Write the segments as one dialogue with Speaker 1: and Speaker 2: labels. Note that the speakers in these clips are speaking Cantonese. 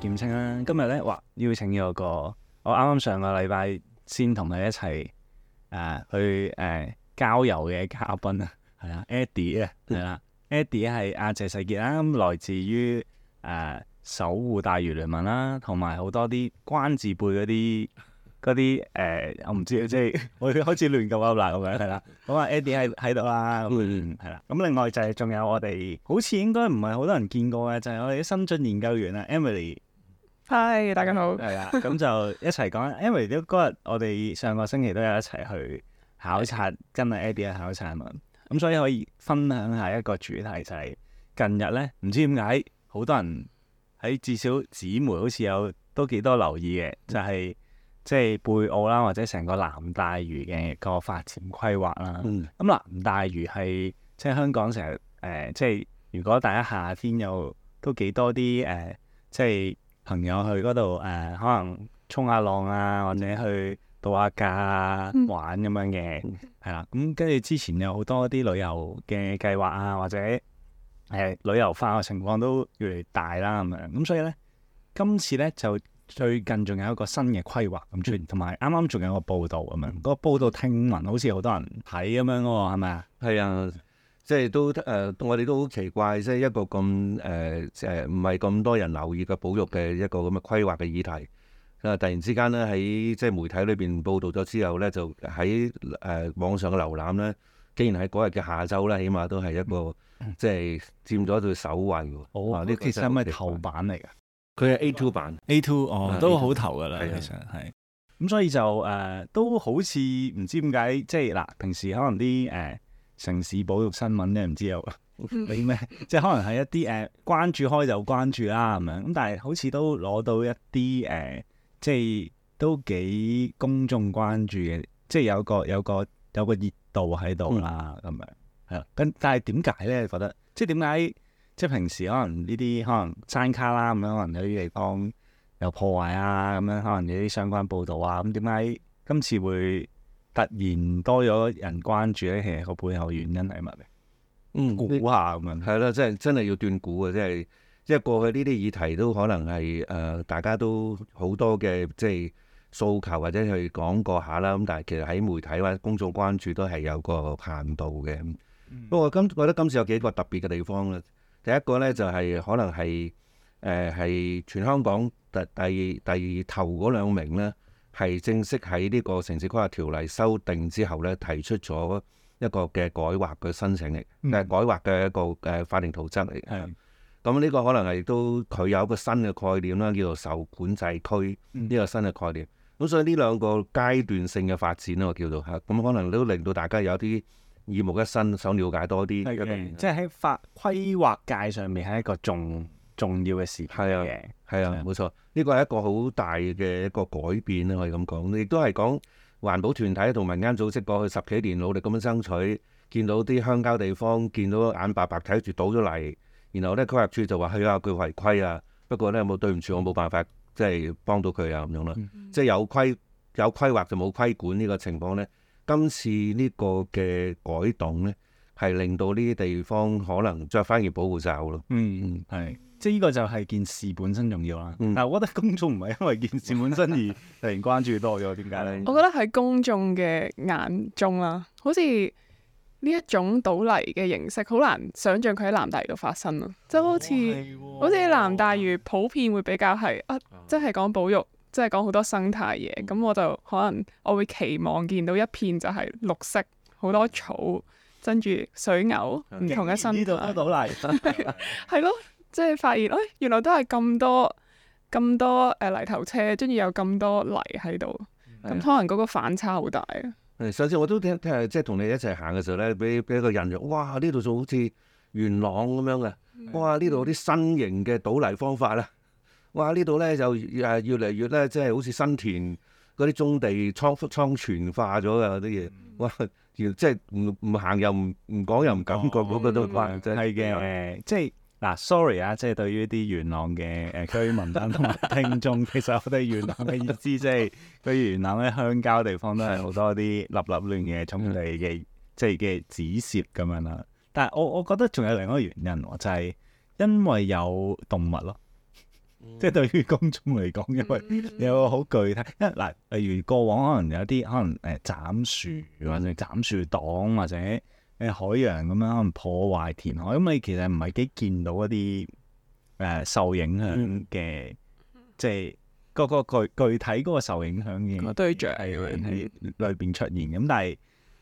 Speaker 1: 劍青啦，今日咧話邀請咗個我啱啱上個禮拜先同你一齊誒、呃、去誒郊、呃、遊嘅嘉賓啊，係啊，Eddie 啊，係啦，Eddie 係阿謝世傑啦，咁、啊、來自於誒、啊、守護大嶼聯盟啦、啊，同埋好多啲關字輩嗰啲啲誒，我唔知即係 我哋開始亂咁 啊，咁啦、啊，咁樣係啦，咁啊，Eddie 喺喺度啦，嗯，係啦、啊，咁、啊、另外就係仲有我哋好似應該唔係好多人見過嘅，就係、是、我哋啲新進研究員啊，Emily。
Speaker 2: 嗨，Hi，大家好。係 啦、嗯，
Speaker 1: 咁就一齊講，因為都嗰日我哋上個星期都有一齊去考察， 跟阿 Ed Eddie 考察嘛。咁所以可以分享一下一個主題就係、是、近日呢，唔知點解好多人喺至少姊妹好似有都幾多留意嘅，就係即係貝澳啦，或者成個南大嶼嘅個發展規劃啦。咁、嗯嗯嗯、南大嶼係即係香港成日，誒、呃、即、就、係、是、如果大家夏天又都幾多啲，誒、呃、即、就、係、是。朋友去嗰度誒，可能衝下浪啊，或者去度下假啊，玩咁樣嘅，係 啦。咁跟住之前有好多啲旅遊嘅計劃啊，或者誒、呃、旅遊化嘅情況都越嚟越大啦咁樣。咁所以咧，今次咧就最近仲有一個新嘅規劃咁出，同埋啱啱仲有，剛剛有一個報道咁樣。嗰 個報道聽聞好似好多人
Speaker 3: 睇咁樣喎，係咪啊？係啊。即係都誒、呃，我哋都好奇怪，即係一個咁誒誒，唔係咁多人留意嘅保育嘅一個咁嘅規劃嘅議題。啊，突然之間咧，喺即係媒體裏邊報道咗之後咧，就喺誒、呃、網上嘅瀏覽咧，竟然喺嗰日嘅下晝咧，起碼都係一個嗯嗯即係佔咗對首位喎。哦，呢啲、啊、其實係咪頭版嚟㗎？佢係 A two 版
Speaker 1: ，A two 哦，都好頭㗎啦，其實係。咁的所以就誒、呃，都好似唔知點解，即係嗱、呃，平時可能啲誒。Uh, 城市保育新聞咧，唔知有啲咩，即係可能係一啲誒、呃、關注開就關注啦、啊，咁樣。咁但係好似都攞到一啲誒、呃，即係都幾公眾關注嘅，即係有個有個有個熱度喺度啦，咁、嗯、樣。係啦，咁但係點解咧？覺得即係點解？即係平時可能呢啲可能山卡啦咁樣，可能有啲地方有破壞啊，咁樣可能有啲相關報導啊，咁點解今次會？突然多咗人關注咧，其實
Speaker 3: 個背後原因係乜嘢？嗯，估下咁樣。係咯，真係真係要斷估嘅，真係，即係過去呢啲議題都可能係誒、呃，大家都好多嘅即係訴求或者去講過下啦。咁但係其實喺媒體或者公眾關注都係有個限度嘅。不過今我覺得今次有幾個特別嘅地方啦。第一個咧就係、是、可能係誒係全香港第第二第二頭嗰兩名咧，係正式喺呢個城市規劃條例修訂之後咧，提出咗一個嘅改劃嘅申請嚟，誒、嗯、改劃嘅一個誒法定圖則嚟。咁呢的、嗯、個可能係都佢有一個新嘅概念啦，叫做受管制區呢個新嘅概念。咁、嗯、所以呢兩個階段性嘅發展啦，我叫做嚇，咁、嗯、可能都令到大家有啲耳目一新，想了解多啲。即係喺法規劃界上面係一個重。 重要嘅事，係啊，係啊，冇吧錯，呢、這個係一個好大嘅一個改變啦，我可以咁講。亦都係講環保團體同民間組織過去十幾年努力咁樣爭取，見到啲鄉郊地方，見到眼白白睇住倒咗泥。然後咧規劃署就話：去啊，佢違規啊。不過咧，有冇對唔住，我冇辦法，即係幫到佢啊，咁樣啦。嗯、即係有規有規劃就冇規管呢個情況咧。今次呢個嘅改動咧，係令到呢啲地方可能着翻件保護罩咯。嗯、嗯，係。即呢個就係件事本身重要啦。但、嗯啊、我覺得公眾唔係因為件事本身而突
Speaker 1: 然關注多咗，點解咧？ 我
Speaker 2: 覺得喺公眾嘅眼中啦、啊，好似呢一種倒泥嘅形式，好難想象佢喺南大嶼度發生即、啊、就好似、哦哦、好似南大嶼普遍會比較係啊，即係講保育，即係講好多生態嘢。咁我就可能我會期望見到一片就係綠色，好多草，跟住水牛唔同嘅生態。呢度倒泥，係 咯。 即係發現，哎，原來都係咁多咁多誒泥頭車，終於有咁多泥喺度。咁可能嗰個反差好大啊！
Speaker 3: 上次我都聽聽即係同你一齊行嘅時候咧，俾俾一個印象，哇！呢度就好似元朗咁樣嘅，哇！呢度啲新型嘅倒泥方法啦，哇！呢度咧就誒越嚟越咧，即係好似新田嗰啲棕地倉倉存化咗嘅啲嘢，哇！即係唔唔行又唔唔講又唔感覺嗰個倒泥真係。係嘅，即係。嗱，sorry 啊，即係
Speaker 1: 對於啲元朗嘅誒區民同埋聽眾， 其實我哋元朗嘅意思即、就、係、是，譬如 元朗咧鄉郊地方都係好多啲立立亂嘅棕地嘅，嗯、即係嘅紫蝨咁樣啦。但係我我覺得仲有另一個原因喎，就係、是、因為有動物咯。嗯、即係對於公眾嚟講，因為有個好具體，嗱，例如過往可能有啲可能誒斬、呃、樹或者斬樹黨或者。誒海洋咁樣可能破壞填海，因、嗯、你、嗯、其實唔係幾見到一啲誒、呃、受影響嘅，即係個個具具體嗰個受影響嘅對象喺裏邊出現。咁、嗯嗯、但係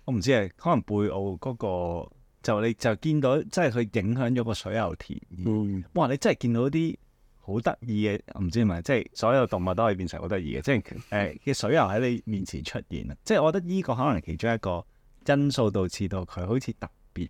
Speaker 1: 我唔知係可能貝澳嗰、那個就你就見到，即係佢影響咗個水牛田。嗯，哇！你真係見到啲好得意嘅，唔知係咪，即、就、係、是、所有動物都可以變成好得意嘅，即係誒嘅水牛喺你面前出現啊！即係我覺得呢個可能係其中一個。因素導致到佢好似特別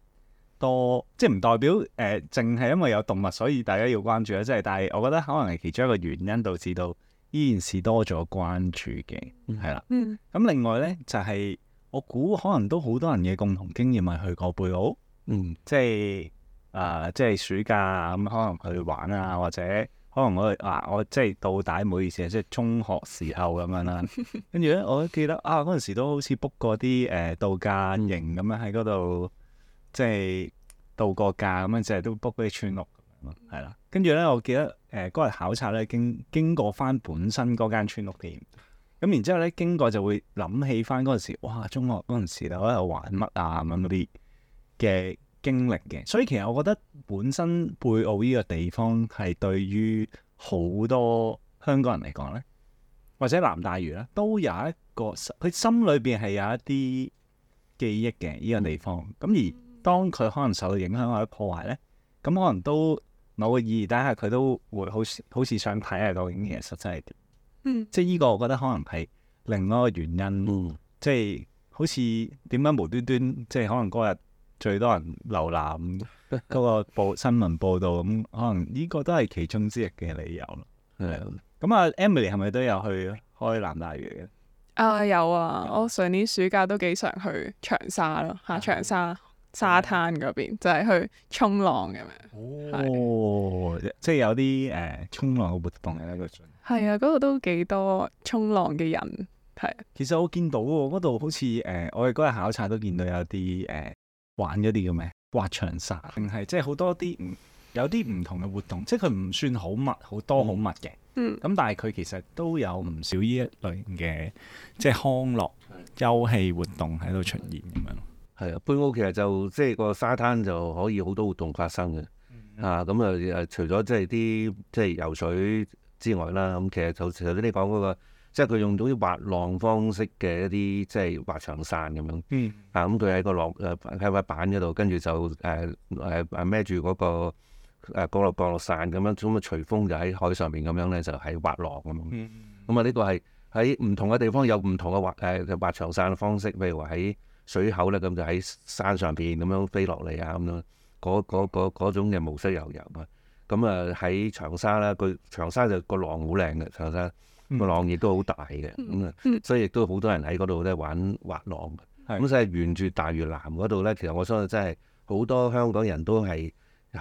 Speaker 1: 多，即係唔代表誒，淨、呃、係因為有動物，所以大家要關注啦。即係，但係我覺得可能係其中一個原因導致到，依然是多咗關注嘅，係啦。咁、嗯啊、另外呢，就係、是、我估可能都好多人嘅共同經驗係去過貝澳，嗯，嗯，即係啊、呃，即係暑假咁、嗯，可能去玩啊，或者。可能我啊，我即係到底唔好意思啊，即係中學時候咁樣啦。跟住咧，我都記得啊，嗰陣時都好似 book 過啲誒度假營咁樣喺嗰度，即係度過假咁樣，即係都 book 嗰啲村屋咁咯，係啦。跟住咧，我記得誒嗰日考察咧，經經過翻本身嗰間村屋點，咁然之後咧，經過就會諗起翻嗰陣時，哇！中學嗰陣時咧，我喺度玩乜啊，咁嗰啲嘅。經歷嘅，所以其實我覺得本身貝澳呢個地方係對於好多香港人嚟講呢，或者南大嶼呢，都有一個佢心裏邊係有一啲記憶嘅呢個地方。咁而當佢可能受到影響或者破壞呢，咁可能都某個意義，但係佢都會好似好似想睇下，究竟其實真係點。嗯，即係呢個我覺得可能係另外一個原因。嗯，即係好似點樣無端端，即係可能嗰日。最多人瀏覽嗰個報新聞報道咁，可能呢個都係其中之一嘅理由咯。係咁啊，Emily 係咪都有去開南大嶼嘅？
Speaker 2: 啊，有啊！嗯、我上年暑假都幾常去長沙咯，嚇、啊啊、長沙沙灘嗰邊就係去沖浪咁樣。
Speaker 1: 哦，是即係有啲誒沖浪嘅活動喺度做。
Speaker 2: 係啊，嗰度都幾多沖浪嘅
Speaker 1: 人。係啊，其實我見到嗰度好似誒、呃，我哋嗰日考察都見到有啲誒。呃 玩嗰啲叫咩？滑長沙定係即係好多啲唔有啲唔同嘅活動，即係佢唔算好密，好多好密嘅。嗯，咁但係佢其實都有唔少呢一類
Speaker 3: 嘅即係康樂休憩活動喺度出現咁樣。係啊，貝澳其實就即係、就是、個沙灘就可以好多活動發生嘅。啊、嗯，咁啊誒，嗯嗯、除咗即係啲即係游水之外啦，咁其實就似頭先你講嗰、那個。即係佢用種啲滑浪方式嘅一啲，即係滑翔傘咁樣。嗯。啊，咁佢喺個浪誒喺塊板嗰度，跟住就誒誒孭住嗰個誒降落降落傘咁樣，咁啊隨風就喺海上面咁樣咧，就喺滑浪咁樣。咁啊，呢個係喺唔同嘅地方有唔同嘅滑誒滑翔傘嘅方式，譬如話喺水口咧，咁就喺山上邊咁樣飛落嚟啊，咁樣嗰種嘅模式又有啊。咁啊喺長沙啦，佢長，長沙就個浪好靚嘅長沙。長沙個浪、嗯、亦都好大嘅，咁、嗯、啊，嗯、所以亦都好多人喺嗰度咧玩滑浪。咁所以沿住大越南大嶼南嗰度咧，其實我相信真係好多香港人都係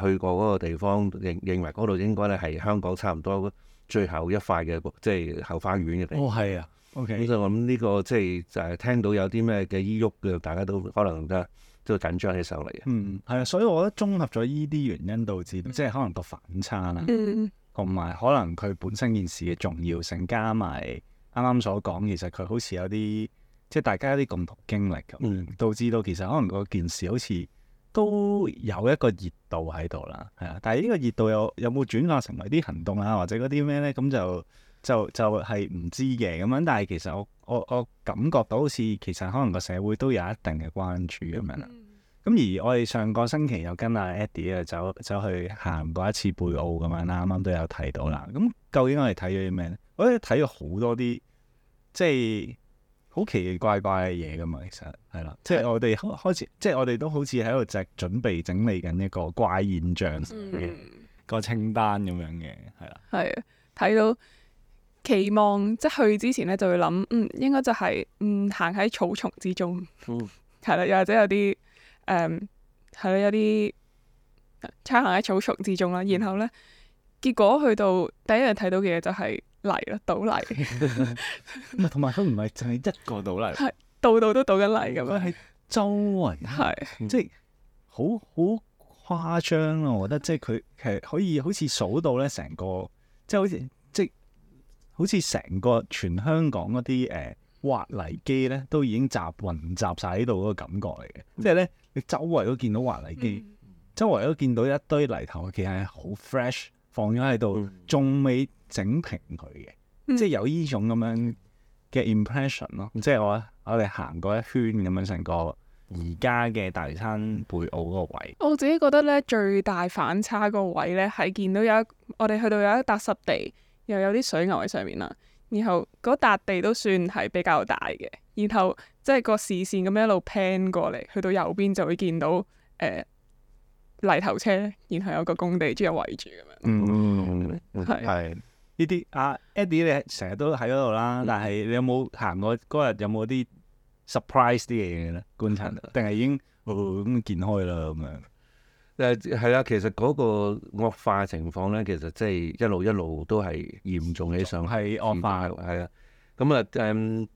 Speaker 3: 去過嗰個地方，認認為嗰度應該咧係香港差唔多最後一塊嘅即係後花園嘅地方。哦，係啊，OK。咁所以我諗呢個即係誒聽到有啲咩嘅依喐嘅，大家都可能咧都緊張起手嚟嘅。嗯，係啊，所以我覺得綜合咗依啲原因導致，即係、嗯、可能個反差
Speaker 1: 啦、啊。嗯。同埋可能佢本身件事嘅重要性，加埋啱啱所講，其實佢好似有啲即係大家有一啲共同經歷咁，嗯，導致到其實可能個件事好似都有一個熱度喺度啦，係啊！但係呢個熱度有有冇轉化成為啲行動啊，或者嗰啲咩咧？咁就就就係唔知嘅咁樣，但係其實我我我感覺到好似其實可能個社會都有一定嘅關注咁樣啦。嗯。咁而我哋上個星期又跟阿 Eddie 又走走去行過一次貝澳咁樣啦，啱啱都有睇到啦。咁究竟我哋睇咗啲咩咧？我哋睇咗好多啲，即係好奇怪怪嘅嘢咁嘛。其實係啦，的即係我哋開始，即係我哋都好似喺度即係準備整理緊一個怪現象嘅、嗯、個清單咁樣嘅，係啦。
Speaker 2: 係啊，睇到期望即係去之前咧，就會諗，嗯，應該就係、是、嗯行喺草叢之中，嗯，係啦，又或者有啲。誒，係咯、um，有啲差行喺草叢之中啦，然後咧，結果去到第一日睇到嘅嘢就係泥啦，倒泥。
Speaker 1: 唔係，同埋佢唔係淨係一個倒泥，係度度都倒緊泥咁樣。喺周圍，係是即係好好誇張咯。我覺得即係佢其實可以好似數到咧，成個即係好似即係好似成個全香港嗰啲誒挖泥機咧，都已經集雲集晒喺度嗰個感覺嚟嘅，嗯、即係咧。周圍都見到華麗機，嗯、周圍都見到一堆泥頭，其實係好 fresh 放咗喺度，仲未、嗯、整平佢嘅，嗯、即係有呢種咁樣嘅 impression 咯、嗯。即係我我哋行過一圈咁樣，成個而家嘅大嶼山貝澳嗰個位。
Speaker 2: 我自己覺得咧，最大反差個位咧係見到有一，我哋去到有一笪濕地，又有啲水牛喺上面啦，然後嗰笪地都算係比較大嘅，然後。即係個視線咁樣一路 pan 過嚟，去到右邊就會見到誒、呃、泥頭車，然後有個工地即係圍住
Speaker 1: 咁
Speaker 3: 樣嗯。嗯，係
Speaker 1: 呢啲阿 Eddie 你，成日都喺嗰度啦。但係你有冇行過嗰日有冇啲 surprise 啲嘢嘅咧？觀察定係已經咁見開啦咁
Speaker 3: 樣。誒，係啦，其實嗰個惡化嘅情況咧，其實即係一路一路都係嚴重起上係惡化係啦。咁啊，誒的。嗯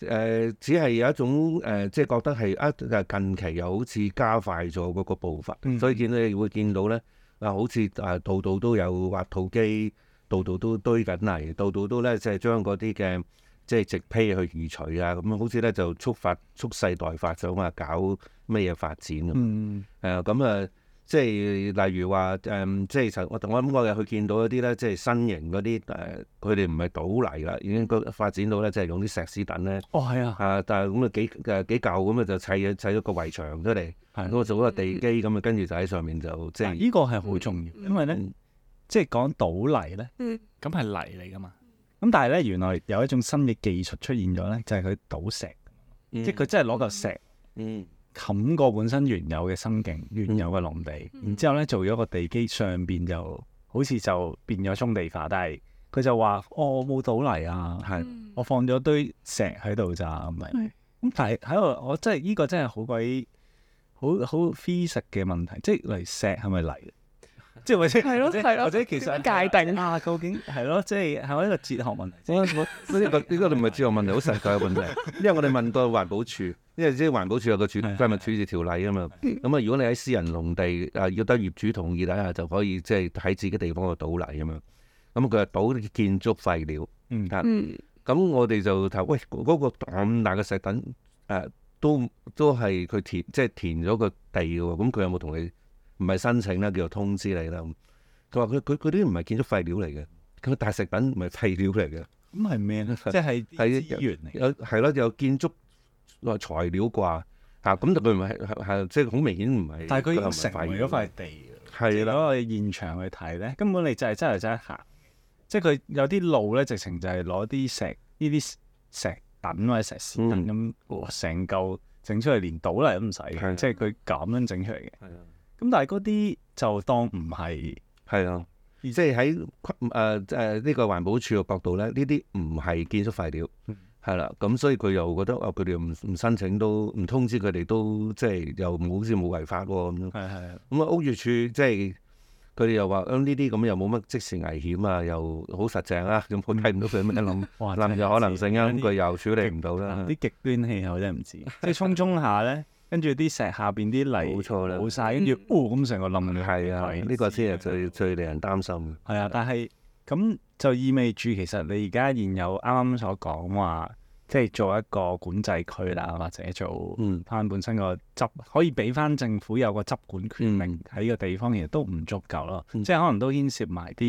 Speaker 3: 誒、呃、只係有一種誒、呃，即係覺得係啊，近期又好似加快咗嗰個步伐，嗯、所以見你會見到咧啊，好似啊，度度都有挖土機，度度都堆緊泥，度度都咧即係將嗰啲嘅即係直批去移除啊，咁、嗯、啊，好似咧就觸發蓄勢待發，想話搞乜嘢發展啊，誒咁啊！呃嗯嗯嗯嗯嗯即係例如話誒、嗯，即係我我諗我又去見到一啲咧，即係新型嗰啲誒，佢哋唔係倒泥啦，已經個發展到咧，即係用啲石屎等咧。哦，係啊，啊，但係咁啊幾誒幾舊咁啊，就砌砌咗個圍牆出嚟，我做咗個地基咁啊，跟住就喺上面就即係。呢是個係好重要，因為咧，嗯、即
Speaker 1: 係講倒泥咧，咁係、嗯、泥嚟㗎嘛。咁、嗯嗯、但係咧，原來有一種新嘅技術出現咗咧，就係、是、佢倒石，即係佢真係攞嚿石嗯。嗯。嗯冚過本身原有嘅生境、原有嘅農地，嗯、然之後咧做咗個地基，上邊就好似就變咗棕地化，但係佢就話、哦：我冇倒泥啊，係，嗯、我放咗堆石喺度咋咁咪？咁是但係喺度，我真係呢、這個真係好鬼好好 feasible 嘅問題，即係嚟石係咪泥？即係或者，或者其實界定啊，究竟係咯，即係係一個哲學
Speaker 3: 問題。呢個呢個，唔係哲學問題，好實際嘅問題。因為我哋問到環保署，因為即係環保署有個處廢物處置條例啊嘛。咁啊，嗯嗯、如果你喺私人農地啊，要得業主同意啊，就可以即係喺自己地方度倒泥啊嘛。咁佢啊倒建築廢料。嗯。咁我哋就睇，喂嗰個咁大嘅石墩誒，都都係佢填，即係填咗個地喎。咁佢有冇同你？唔係申請啦，叫做通知你啦。佢話佢佢啲唔係建築廢料嚟嘅，佢大食品唔係廢料嚟嘅。咁
Speaker 1: 係咩？即係係資源
Speaker 3: 嚟。 有係咯，有建築材料啩嚇。咁、啊嗯、就佢唔係係即係好明顯唔係。但係佢已經成為塊地。係咯、嗯，我哋現場去睇咧，根本你
Speaker 1: 就係真係真係行。即係佢有啲路咧，直情就係攞啲石呢啲石品或者石屎咁，成嚿整出嚟連倒泥都唔使即係佢
Speaker 3: 咁樣整出嚟嘅。咁但係嗰啲就當唔係，係啊，而即係喺誒誒呢個環保署嘅角度咧，呢啲唔係建築廢料，係啦，咁所以佢又覺得啊，佢哋唔唔申請都唔通知佢哋都，即係又唔好似冇違法喎咁樣。係係。咁啊屋宇署即係佢哋又話，呢啲咁又冇乜即時危險啊，又好實淨啊，咁我睇唔到佢有咩諗諗嘅可能性啊。咁佢
Speaker 1: 又處理唔到啦。啲極端氣候真係唔知。即係沖沖下咧。跟住啲石下邊啲泥冇錯，冇晒。跟住哦咁成個冧嘅。係啊，呢個先係最最令人擔心。係啊，但係咁就意味住，其實你而家現有啱啱所講話，即係做一個管制區啦，或者做翻本身個執，可以俾翻政府有個執管權力喺個地方，其實都唔足夠咯。即係可能都牽涉埋啲，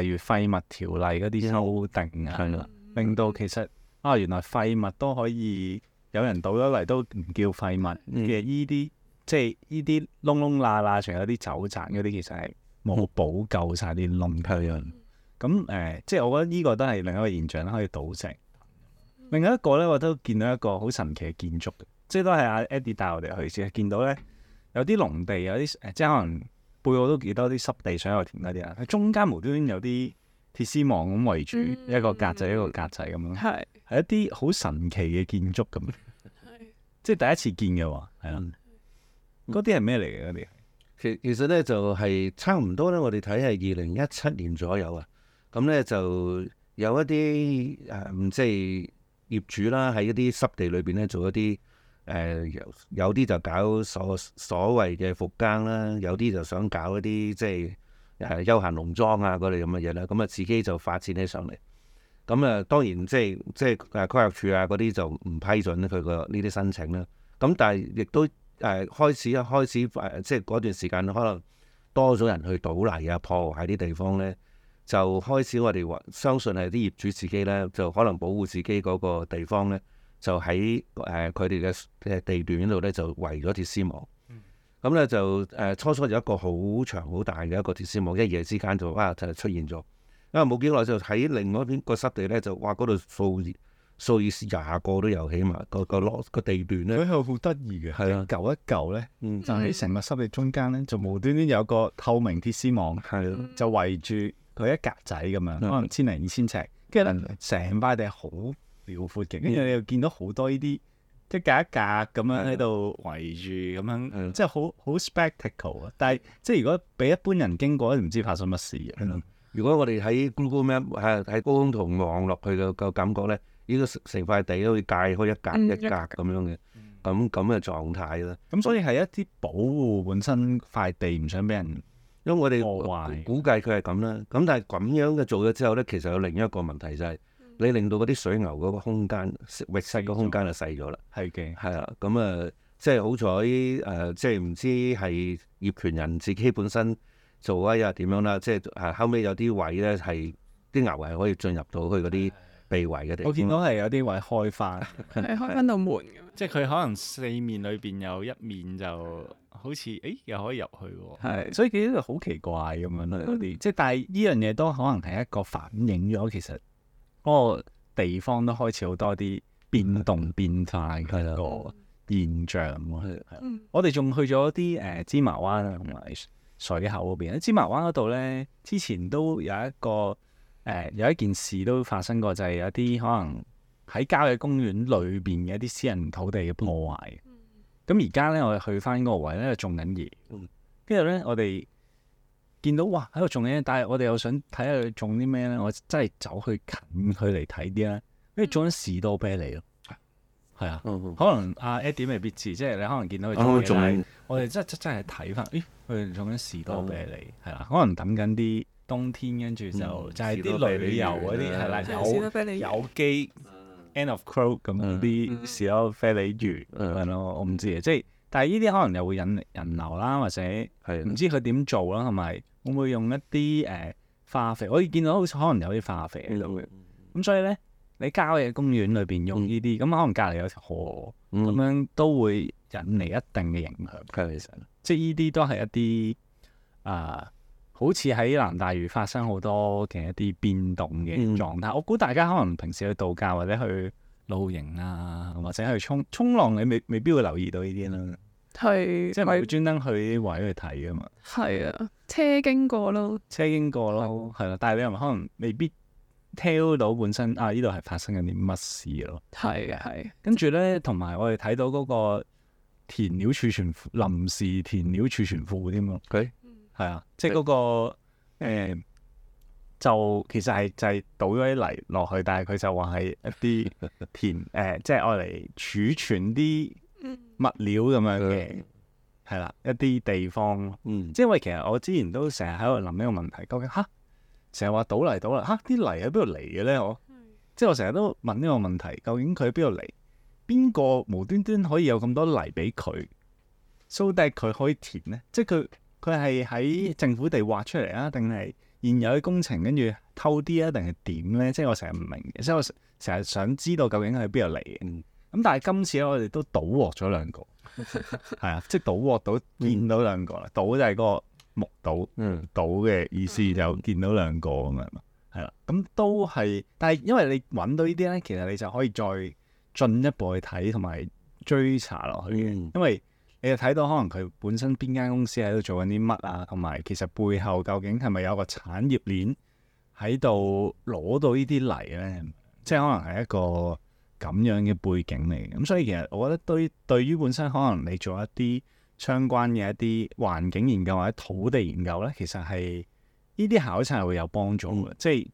Speaker 1: 例如廢物條例嗰啲修訂啊，令到其實啊，原來廢物都可以。有人倒咗嚟都唔叫廢物嘅，依啲、嗯、即係依啲窿窿罅罅，仲有啲走擳嗰啲，其實係冇補救晒啲窿區咁誒，即係我覺得呢個都係另一個現象可以倒證。另外一個咧，我都見到一個好神奇嘅建築，即係都係阿 Eddie 帶我哋去先見到咧，有啲農地，有啲即係可能背後都幾多啲濕地，想又填多啲啦。喺中間無端端有啲鐵絲網咁圍住，一個格仔一個格仔咁樣。係。 係一啲好神奇嘅建築咁， 即係第一次見嘅喎，係啦
Speaker 3: 的。嗰啲係咩嚟嘅啲？其其實咧就係差唔多咧，我哋睇係二零一七年左右啊。咁咧就有一啲誒、呃，即係業主啦，喺一啲濕地裏邊咧做一啲誒、呃，有啲就搞所所謂嘅復耕啦，有啲就想搞一啲即係誒、呃、休閒農莊啊嗰類咁嘅嘢啦。咁啊自己就發展起上嚟。咁誒、嗯、當然即係即係誒規劃署啊嗰啲就唔批准佢個呢啲申請啦。咁但係亦都誒、呃、開始開始、呃、即係嗰段時間可能多咗人去倒泥啊破壞喺啲地方咧，就開始我哋話相信係啲業主自己咧，就可能保護自己嗰個地方咧，就喺誒佢哋嘅嘅地段嗰度咧就圍咗鐵絲網。咁咧、嗯、就誒、呃、初初有一個好長好大嘅一個鐵絲網，一夜之間就哇就出現咗。啊！因為冇幾耐就喺另外一邊個濕地咧，就哇嗰度數數以廿個都有，起碼個個落個地段咧，佢係好得意嘅。係啊的，一舊一舊咧，嗯、
Speaker 1: 就喺成個濕地中間咧，就無端端有個透明鐵絲網，的就圍住佢一格仔咁樣，可能千零二千尺，跟住咧成塊地好遼闊嘅，跟住你又見到好多呢啲一隔一格咁樣喺度圍住咁樣，的嗯、即係好好 spectacle 啊！Spe ical，但係即係如果俾一般人經過咧，唔知發生乜事嘅。的
Speaker 3: 如果我哋喺 Google Map 高空咩？喺喺高空圖望落去嘅個感覺咧，呢個成成塊地都會界開一格一格咁樣嘅，咁咁嘅狀態啦。咁所以係一啲保護本身塊地唔想俾人因為我哋破壞，估計佢係咁啦。咁但係咁樣嘅做咗之後咧，其實有另一個問題就係、是、你令到嗰啲水牛嗰個空間域室個空間就細咗啦。係嘅，係啦。咁啊，即係好彩誒，即係唔知係業權人自己本身。做啊又點樣啦、啊？即係誒後屘有啲位咧，係啲牛圍可以進入到佢嗰啲被圍嘅地方。我見到係有啲位開翻， 開翻到
Speaker 1: 門 即係佢可能四面裏邊有一面就好似誒又可以入去喎、啊。係，所以見到好奇怪咁樣咯。嗯、即係但係呢樣嘢都可能係一個反映咗其實嗰個地方都開始好多啲變動變態嘅個現象。嗯、我哋仲去咗啲誒芝麻灣啊同埋。水口嗰邊，芝麻灣嗰度咧，之前都有一個誒、呃，有一件事都發生過，就係、是、有啲可能喺郊野公園裏邊嘅一啲私人土地嘅破壞。咁而家咧，我哋去返嗰個位咧，種緊嘢。跟住咧，我哋見到哇，喺度種緊嘢，但係我哋又想睇下佢種啲咩咧，我真係走去近佢嚟睇啲咧。跟住種緊士多啤梨咯。嗯係啊，可能阿 Eddie 未必知，即係你可能見到佢。我哋仲未，我哋真真真係睇翻，咦？佢哋做緊士多啤梨係啦，可能等緊啲冬天，跟住就就係啲旅遊嗰啲係啦，有有機 end of crop 咁啲士多啤梨園咁樣咯，我唔知嘅。即係但係呢啲可能又會引人流啦，或者唔知佢點做啦，同埋會唔會用一啲誒化肥？我見到好似可能有啲化肥喺度嘅，咁所以咧。你郊野公園裏邊用呢啲咁，嗯、可能隔離有河咁、嗯、樣，都會引嚟一定嘅影響。其實，即係呢啲都係一啲啊、呃，好似喺南大嶼發生好多嘅一啲變動嘅狀態。嗯、我估大家可能平時去度假或者去露營啊，或者去沖沖，沖浪，你未未必會留意到呢啲啦。
Speaker 2: 係是，即係咪要
Speaker 1: 專登去位去睇啊嘛。係啊，
Speaker 2: 車經過咯，
Speaker 1: 車經過咯，係啦、嗯，但係你又可能未必。聽到本身啊，呢度係發生緊啲乜事咯？係嘅，係。跟住咧，同埋我哋睇到嗰個填料儲存臨時填料儲存庫添啊？佢係啊，即係、那、嗰個誒 Okay.、呃，就其實係就係、是、倒咗啲泥落去，但係佢就話係一啲填誒，即係愛嚟儲存啲物料咁樣嘅，係啦、mm. 的，一啲地方即係、mm. 因為其實我之前都成日喺度諗呢個問題，究竟吓？成日話倒泥倒啦，嚇啲泥喺邊度嚟嘅咧？我 即係我成日都問呢個問題，究竟佢喺邊度嚟？邊個無端端可以有咁多泥俾佢，So that？佢可以填咧？即係佢佢係喺政府地挖出嚟啊？定係現有嘅工程跟住偷啲啊？定係點咧？即係我成日唔明嘅。所以我成日想知道究竟喺邊度嚟嘅。咁、嗯、但係今次咧，我哋都倒獲咗兩個，係啊， 即係倒獲到見到兩個啦。 嗯、倒就係嗰個。目睹嗯，到嘅意思就見到兩個，咁樣，嗯，係啦，咁都係，但係因為你搵到呢啲咧，其實你就可以再進一步去睇同埋追查落去，嗯，因為你就睇到可能佢本身邊間公司喺度做緊啲乜啊，同埋其實背後究竟係咪有個產業鏈喺度攞到呢啲泥咧？即係可能係一個咁樣嘅背景嚟嘅。咁所以其實我覺得對對於本身可能你做一啲。相關嘅一啲環境研究或者土地研究咧，其實係呢啲考察係會有幫助嘅、嗯，即係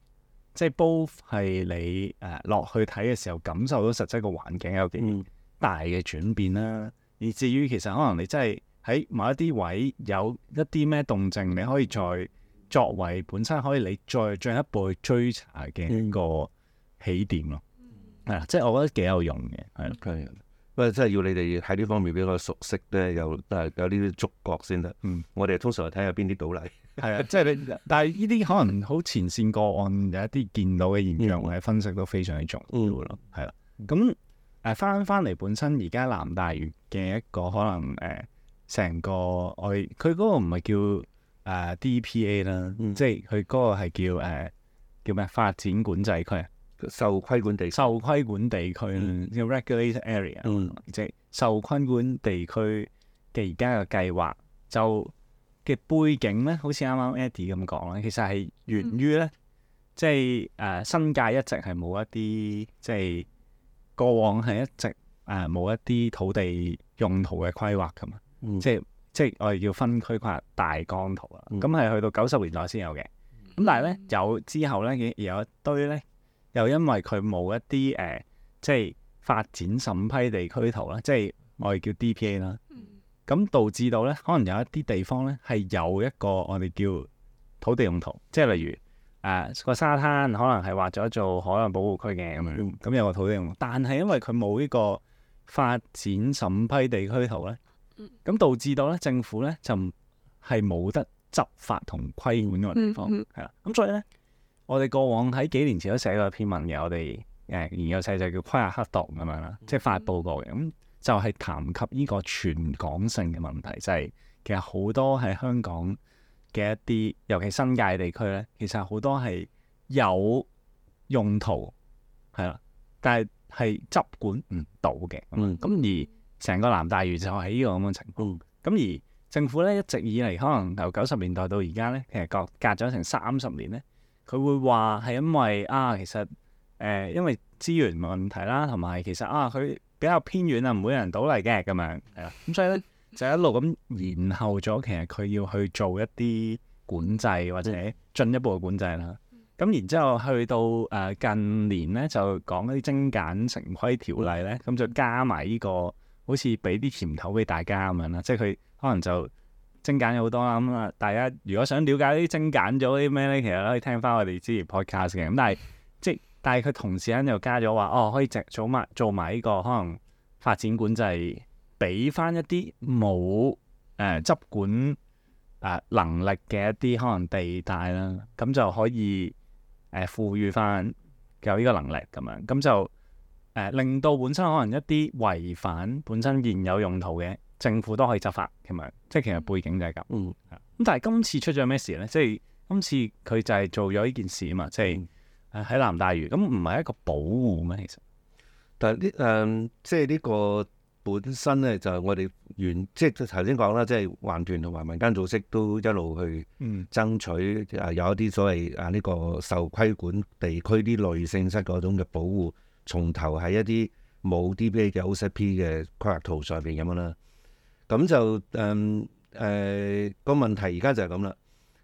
Speaker 1: 即係 both 係你誒落、呃、去睇嘅時候，感受到實際個環境有幾大嘅轉變啦、啊。而、嗯、至於其實可能你真係喺某一啲位有一啲咩動靜，你可以再作為本身可以你再進一步去追查嘅呢個起點咯。係啊，嗯、即係我覺
Speaker 3: 得幾有用嘅，係咯。Okay. 喂，真係要你哋喺呢方面比較熟悉咧，有誒有呢啲觸覺先得。嗯，我哋通常睇下邊啲倒例，
Speaker 1: 係啊，即係你，但係呢啲可能好前線個案有一啲見到嘅現象嘅分析都非常之重要咯，係啦、嗯。咁誒翻翻嚟本身而家南大嶼嘅一個可能誒成、呃、個我佢嗰個唔係叫誒、呃、DPA 啦，嗯、即係佢嗰個係叫誒、呃、叫咩發展管制區。受規管地受規管地區，regulated area，即係、嗯、受規管地區嘅而家嘅計劃，就嘅背景咧，好似啱啱 Eddie 咁講啦，其實係源於咧，即係誒新界一直係冇一啲即係過往係一直誒冇、呃、一啲土地用途嘅規劃噶嘛，嗯就是、即係即係我哋叫分區規劃大綱圖啊，咁係、嗯、去到九十年代先有嘅，咁但係咧有之後咧，亦有一堆咧。又因為佢冇一啲誒、呃，即係發展審批地區圖啦，即係我哋叫 DPA 啦。咁導致到呢，可能有一啲地方呢係有一個我哋叫土地用途，即係例如誒個、呃、沙灘可能係劃咗做海洋保護區嘅咁樣，咁、嗯、有個土地用途。但係因為佢冇呢個發展審批地區圖呢，咁導致到呢政府呢就係、是、冇得執法同規管嗰個地方，係啦、嗯。咁、嗯、所以呢。我哋過往喺幾年前都寫過一篇文嘅，我哋誒、 啊、研究社就叫《規劃黑洞》咁樣啦，即係發佈過嘅，咁就係談及呢個全港性嘅問題，就係、是、其實好多喺香港嘅一啲，尤其新界地區咧，其實好多係有用途係啦，但係係執管唔到嘅。嗯，咁而成個南大嶼就係呢個咁嘅情況。嗯，咁而政府咧一直以嚟，可能由九十年代到而家咧，其實隔隔咗成三十年咧。佢會話係因為啊，其實誒、呃，因為資源問題啦，同埋其實啊，佢比較偏遠啊，唔會有人倒嚟嘅咁樣，誒，咁 所以咧就一路咁延後咗，其實佢要去做一啲管制或者進一,一步嘅管制啦。咁 然之後去到誒、呃、近年咧，就講一啲精簡城規條例咧，咁、嗯、就加埋呢、這個好似俾啲甜頭俾大家咁樣啦，即係佢可能就。精簡咗好多啦，咁、嗯、啊大家如果想了解啲精簡咗啲咩咧，其實可以聽翻我哋之前 podcast 嘅。咁但係即但係佢同時又加咗話，哦可以藉早埋做埋呢、呢個可能發展管制，俾翻一啲冇誒執管誒、呃、能力嘅一啲可能地帶啦，咁就可以誒、呃、賦予翻有呢個能力咁樣，咁就誒、呃、令到本身可能一啲違反本身現有用途嘅。政府都可以執法，咁咪即係其實背景就係咁。嗯，咁但係今次出咗咩事咧？即係今次佢就係做
Speaker 3: 咗呢件事啊嘛，即係喺南大嶼。咁唔係一個保護咩？其實，但係呢誒，即係呢個本身咧，就係、是、我哋原即係頭先講啦，即、就、係、是就是、環團同埋民間組織都一路去爭取啊、嗯呃，有一啲所謂啊呢個受規管地區啲類性質嗰種嘅保護，從頭喺一啲冇 DPA 嘅 OCP 嘅規劃圖上邊咁樣啦。咁就誒誒個問題而家就係咁啦，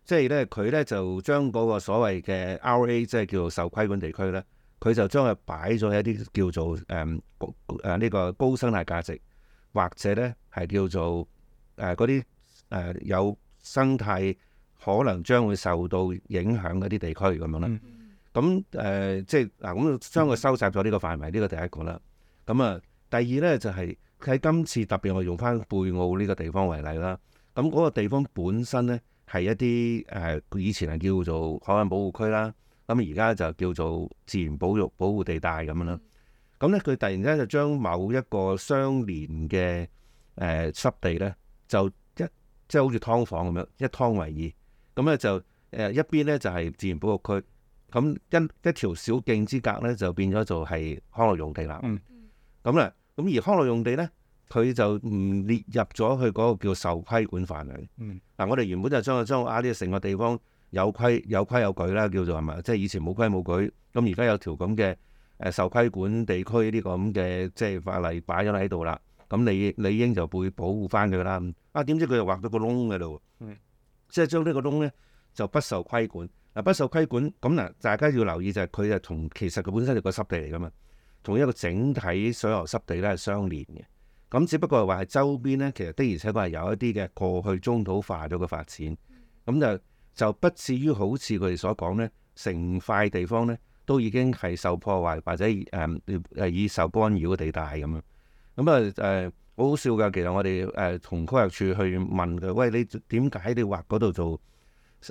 Speaker 3: 即係咧佢咧就將嗰個所謂嘅 RA 即係叫做受規管地區咧，佢就將佢擺咗一啲叫做誒誒呢個高生態價值，或者咧係叫做誒嗰啲誒有生態可能將會受到影響嗰啲地區咁樣啦。咁誒、呃、即係嗱，咁將佢收窄咗呢個範圍，呢、這個第一個啦。咁啊，第二咧就係、是。喺今次特別，我用翻貝澳呢個地方為例啦。咁、嗯、嗰、那個地方本身咧係一啲誒、呃、以前係叫做海岸保護區啦，咁而家就叫做自然保育保護地帶咁樣啦。咁咧佢突然間就將某一個相連嘅誒、呃、濕地咧，就一即係好似劏房咁樣一劏為二，咁、嗯、咧就誒、呃、一邊咧就係、是、自然保育區，咁、嗯、一一條小徑之隔咧就變咗做係康樂用地啦。嗯，咁咧、嗯。咁而康樂用地咧，佢就唔列入咗去嗰個叫受規管範圍。嗱、嗯啊，我哋原本就將將啊呢個成個地方有規有規有矩啦，叫做係咪？即係以前冇規冇矩。咁而家有條咁嘅誒受規管地區呢個咁嘅即係法例擺咗喺度啦。咁、嗯、你理應就會保護翻佢啦。啊，點知佢又畫咗個窿喺度，嗯、即係將呢個窿咧就不受規管。嗱、啊，不受規管咁嗱、啊，大家要留意就係佢就同其實佢本身就個濕地嚟㗎嘛。同一個整體水牛濕地咧係相連嘅，咁只不過話係周邊咧，其實的而且確係有一啲嘅過去中土化咗嘅發展，咁就就不至於好似佢哋所講咧，成塊地方咧都已經係受破壞或者誒誒已受干擾嘅地帶咁樣。咁啊誒好好笑㗎，其實我哋誒、呃、同規劃署去問佢，喂你點解你劃嗰度做誒誒、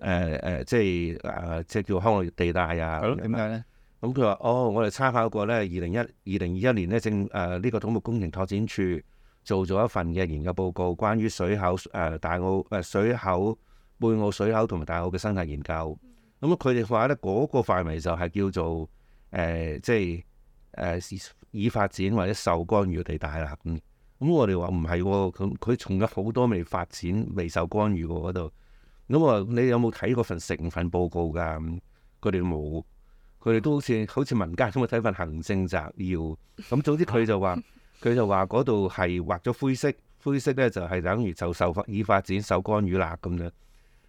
Speaker 3: 呃呃、即係誒、呃、即係叫康樂地帶啊？係點解咧？這樣 咁佢話：哦，我哋參考過咧，二零一二零二一年咧，政誒呢個土木工程拓展署做咗一份嘅研究報告，關於水口誒、呃、大澳誒水口貝澳水口同埋大澳嘅生態研究。咁佢哋話咧，嗰個範圍就係叫做誒、呃，即係誒已發展或者受干預嘅地帶啦。咁、嗯，咁我哋話唔係喎，佢仲有好多未發展、未受干預嘅嗰度。咁啊、嗯，你有冇睇過份成份報告㗎？佢哋冇。佢哋都好似好似民間咁嘅睇份行政摘要。咁總之佢就話，佢就話嗰度係畫咗灰色，灰色咧就係、是、等於就受法，已發展受干擾啦咁樣。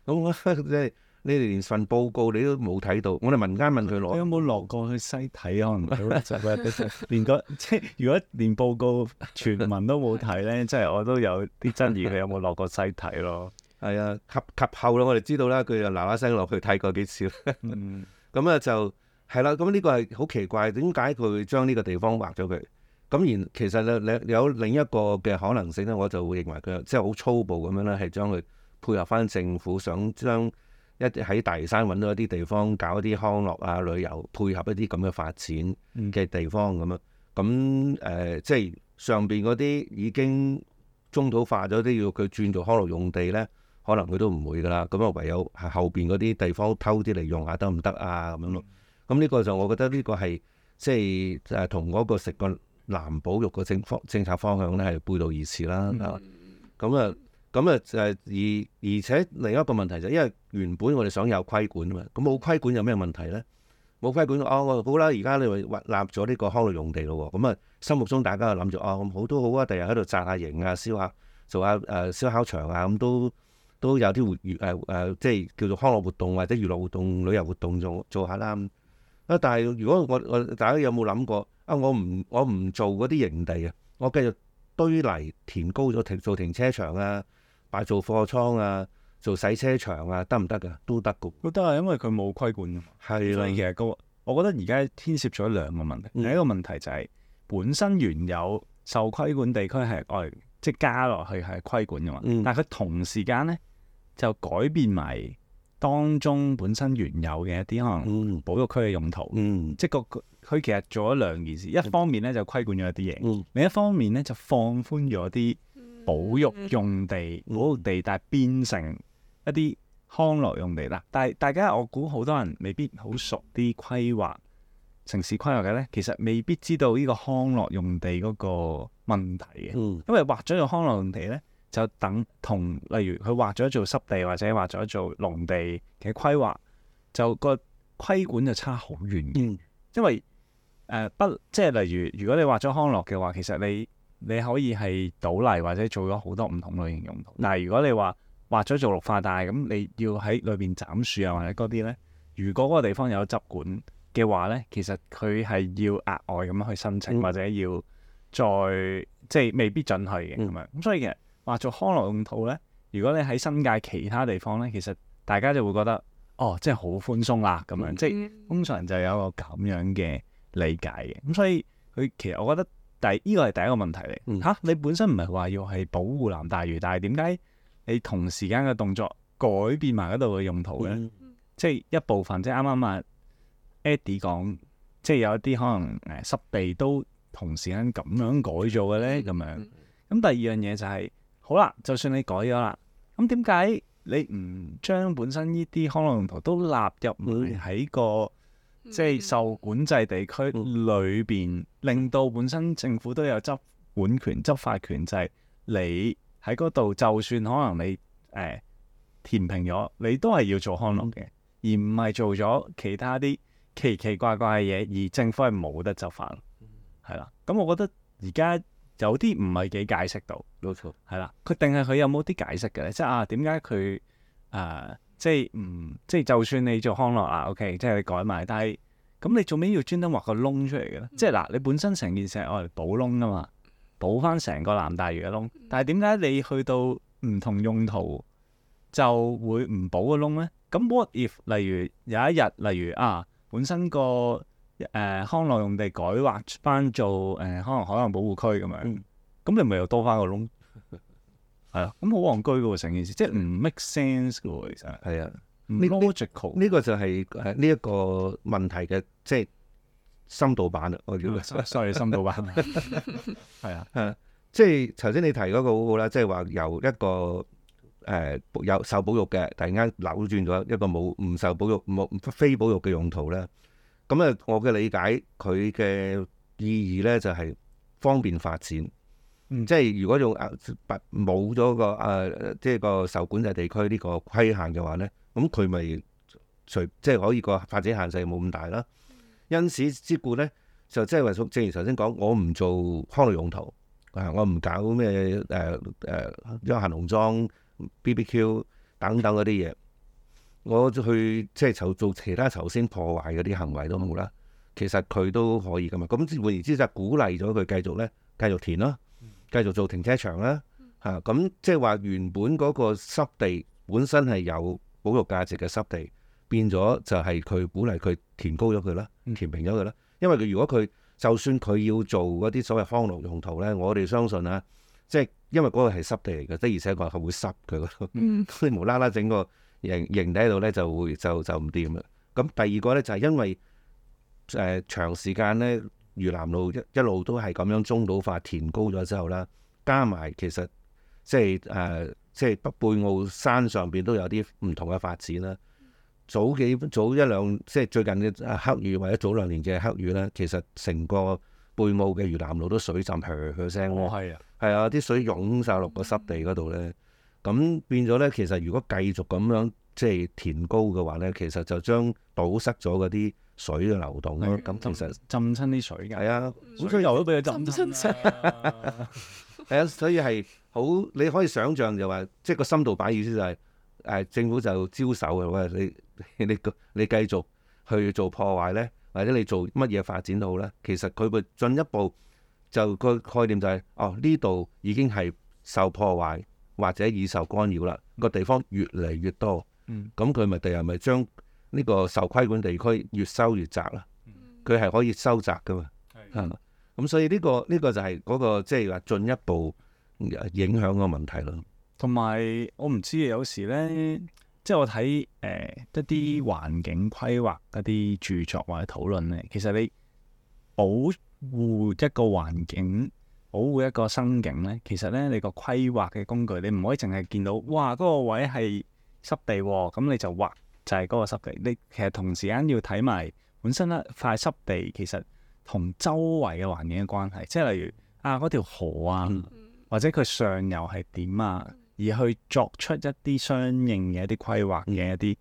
Speaker 3: 咁我即係你哋連份報告你都冇睇到，我哋民間問佢攞、嗯，你有冇落過去西睇？可能 連個即係如果
Speaker 1: 連報告全文都冇睇咧，即係我都有啲質疑。佢有冇落過西
Speaker 3: 睇咯？係、哎、啊，及及後啦，我哋知道啦，佢就嗱嗱聲落去睇過幾次咁啊、嗯、 就～係啦，咁呢個係好奇怪，點解佢會將呢個地方劃咗佢？咁然其實咧，有另一個嘅可能性咧，我就會認為佢即係好粗暴咁樣咧，係將佢配合返政府想將一喺大嶼山搵到一啲地方搞一啲康樂啊旅遊，配合一啲咁嘅發展嘅地方咁、嗯、樣。咁誒、呃，即係上邊嗰啲已經中土化咗，啲，要佢轉做康樂用地咧，可能佢都唔會噶啦。咁啊，唯有後邊嗰啲地方偷啲嚟用下得唔得啊？咁樣咯。咁呢個就我覺得呢個係即係誒同嗰個食個南保育嘅政方政策方向咧，係背道而馳啦，咁、嗯、啊咁啊誒、啊、而而且另一個問題就因為原本我哋想有規管啊嘛，咁冇規管有咩問題咧？冇規管哦、啊，好啦，而家你劃立咗呢個康樂用地咯喎，咁啊心目中大家就諗住哦，咁好都好啊，第日喺度紮下營啊，燒下做下誒、啊、燒烤場啊，咁、啊、都都有啲活娛誒即係叫做康樂活動或者娛樂活動、旅遊活動做做下啦。但係如果我我大家有冇諗過啊？我唔我唔做嗰啲營地啊，我繼續堆泥，填高咗停做停車場啊，擺做貨倉啊，做洗車場啊，得唔得㗎？都得㗎。都得啊，因為佢冇規管㗎
Speaker 1: 嘛。係啊的，其實、個我覺得而家牽涉咗兩個問題。第、嗯、一個問題就係、是、本身原有受規管地區係外、哎，即係加落去係規管㗎嘛。嗯、但係佢同時間咧就改變埋。當中本身原有嘅一啲可能保育區嘅用途，嗯、即係個佢其實做咗兩件事，一方面咧就規管咗一啲嘢，嗯、另一方面咧就放寬咗啲保育用地、嗯、保育地，但係變成一啲康樂用地啦。但係大家我估好多人未必好熟啲規劃、城市規劃嘅咧，其實未必知道呢個康樂用地嗰個問題嘅，因為劃咗做康樂用地咧。就等同，例如佢畫咗做濕地或者畫咗做農地嘅規劃，就個規管就差好遠嘅。嗯、因為誒、呃、不，即係例如，如果你畫咗康樂嘅話，其實你你可以係倒泥或者做咗好多唔同類型用途。但係如果你話畫咗做綠化帶咁，你要喺裏邊斬樹啊或者嗰啲咧，如果嗰個地方有執管嘅話咧，其實佢係要額外咁樣去申請、嗯、或者要再即係未必准許嘅咁樣，咁、嗯嗯、所以其實。話做康樂用途咧，如果你喺新界其他地方咧，其實大家就會覺得哦，即係好寬鬆啦咁樣，嗯、即係、嗯、通常就有個咁樣嘅理解嘅。咁、嗯、所以佢其實我覺得第依、呢個係第一個問題嚟嚇、啊。你本身唔係話要係保護南大嶼，但係點解你同時間嘅動作改變埋嗰度嘅用途咧？嗯、即係一部分即係啱啱阿 Eddie 講，即係、啊、有一啲可能誒濕地都同時間咁樣改造嘅咧咁樣。咁第二樣嘢就係、是。好啦，就算你改咗啦，咁點解你唔將本身呢啲康樂用途都納入喺個、嗯、即係受管制地區裏邊，嗯嗯、令到本身政府都有執管權、執法權，就係、是、你喺嗰度，就算可能你誒、呃、填平咗，你都係要做康樂嘅，而唔係做咗其他啲奇奇怪怪嘅嘢，而政府係冇得執法。係啦，咁、嗯嗯、我覺得而家。有啲唔係幾解釋到，冇錯，係啦。佢定係佢有冇啲解釋嘅咧？即係啊，點解佢誒即係唔、嗯、即係就算你做康樂啦、啊，OK，即係你改埋。但係咁你做咩要專登畫個窿出嚟嘅咧？嗯、即係嗱、啊，你本身成件事係我嚟補窿噶嘛，補翻成個南大嶼嘅窿。但係點解你去到唔同用途就會唔補個窿咧？咁 what if 例如有一日例如啊，本身個誒，康樂用地改劃翻做誒，可能海岸保護區咁樣，咁你咪又多翻個窿係啊，咁好戇居噶喎，
Speaker 3: 成件事即係唔 make sense 噶，其實係啊 logical 呢個就係呢一個問題嘅，即係深度版啦。我叫 sorry，深度版係 啊，即係頭先你提嗰、嗰個好好啦，即係話由一個誒、呃、有受保育嘅，突然間扭轉咗一個冇唔受保育冇非保育嘅用，用途咧。咁啊，我嘅理解佢嘅意義咧，就係、是、方便發展。嗯、即係如果用啊冇咗個啊，即、呃、係、個受管制地區呢個規限嘅話咧，咁佢咪隨即係可以個發展限制冇咁大啦。嗯、因此之故咧，就即係話，正如頭先講，我唔做康樂用途啊，我唔搞咩誒誒休閒農莊、BBQ 等等嗰啲嘢。嗯嗯我去即係做做其他頭先破壞嗰啲行為都冇啦，其實佢都可以㗎嘛。咁換言之就鼓勵咗佢繼續咧，繼續填咯、啊，繼續做停車場啦。嚇咁即係話原本嗰個濕地本身係有保育價值嘅濕地，變咗就係佢鼓勵佢填高咗佢啦，填平咗佢啦。因為佢如果佢就算佢要做嗰啲所謂康樂用途咧，我哋相信啊，即係因為嗰個係濕地嚟嘅，的而且確係會濕佢無啦啦整個。 嗯 營、營地喺度咧就會就就唔掂啦。咁第二個咧就係、是、因為誒、呃、長時間咧，嶼南路一一路都係咁樣中島化填高咗之後啦，加埋其實即係誒、呃、即係北貝澳山上邊都有啲唔同嘅發展啦。早幾早一兩即係最近嘅黑雨，或者早兩年嘅黑雨啦，其實成個貝澳嘅嶼南路都水浸噏噏聲喎。係啊，係啊，啲水湧晒落個濕地嗰度咧。嗯咁變咗咧，其實如果繼續咁樣即係填高嘅話咧，其實就將堵塞咗嗰啲水嘅流動咧。咁是其實浸親啲水㗎。係啊，咁所以又都俾佢浸親。係 啊，所以係好你可以想像就話、是，即、就、係、是、個深度擺意思就係、是、誒、哎、政府就招手嘅喂，你你你繼續去做破壞咧，或者你做乜嘢發展都好咧，其實佢咪進一步就個概念就係、是、哦呢度、哦、已經係受，受破壞。或者已受干擾啦，個地方越嚟越多，咁佢咪第日咪將呢個受規管地區越收越窄啦。佢係、嗯、可以收窄噶嘛，係的。咁、嗯、所以呢、呢個呢、呢個就係嗰、嗰個即係話進一步影響個問題咯。同埋
Speaker 1: 我唔知啊，有時咧，即係我睇誒、呃、一啲環境規劃一啲著作或者討論咧，其實你保護一個環境。保護一個生境呢，其實呢，你個規劃嘅工具，你唔可以淨係見到哇嗰、嗰個位係濕地喎、哦，咁你就畫就係嗰個濕地。你其實同時間要睇埋本身呢塊濕地其實同周圍嘅環境嘅關係，即係例如啊嗰條河啊，或者佢上游係點啊，而去作出一啲相應嘅一啲規劃嘅、嗯、一啲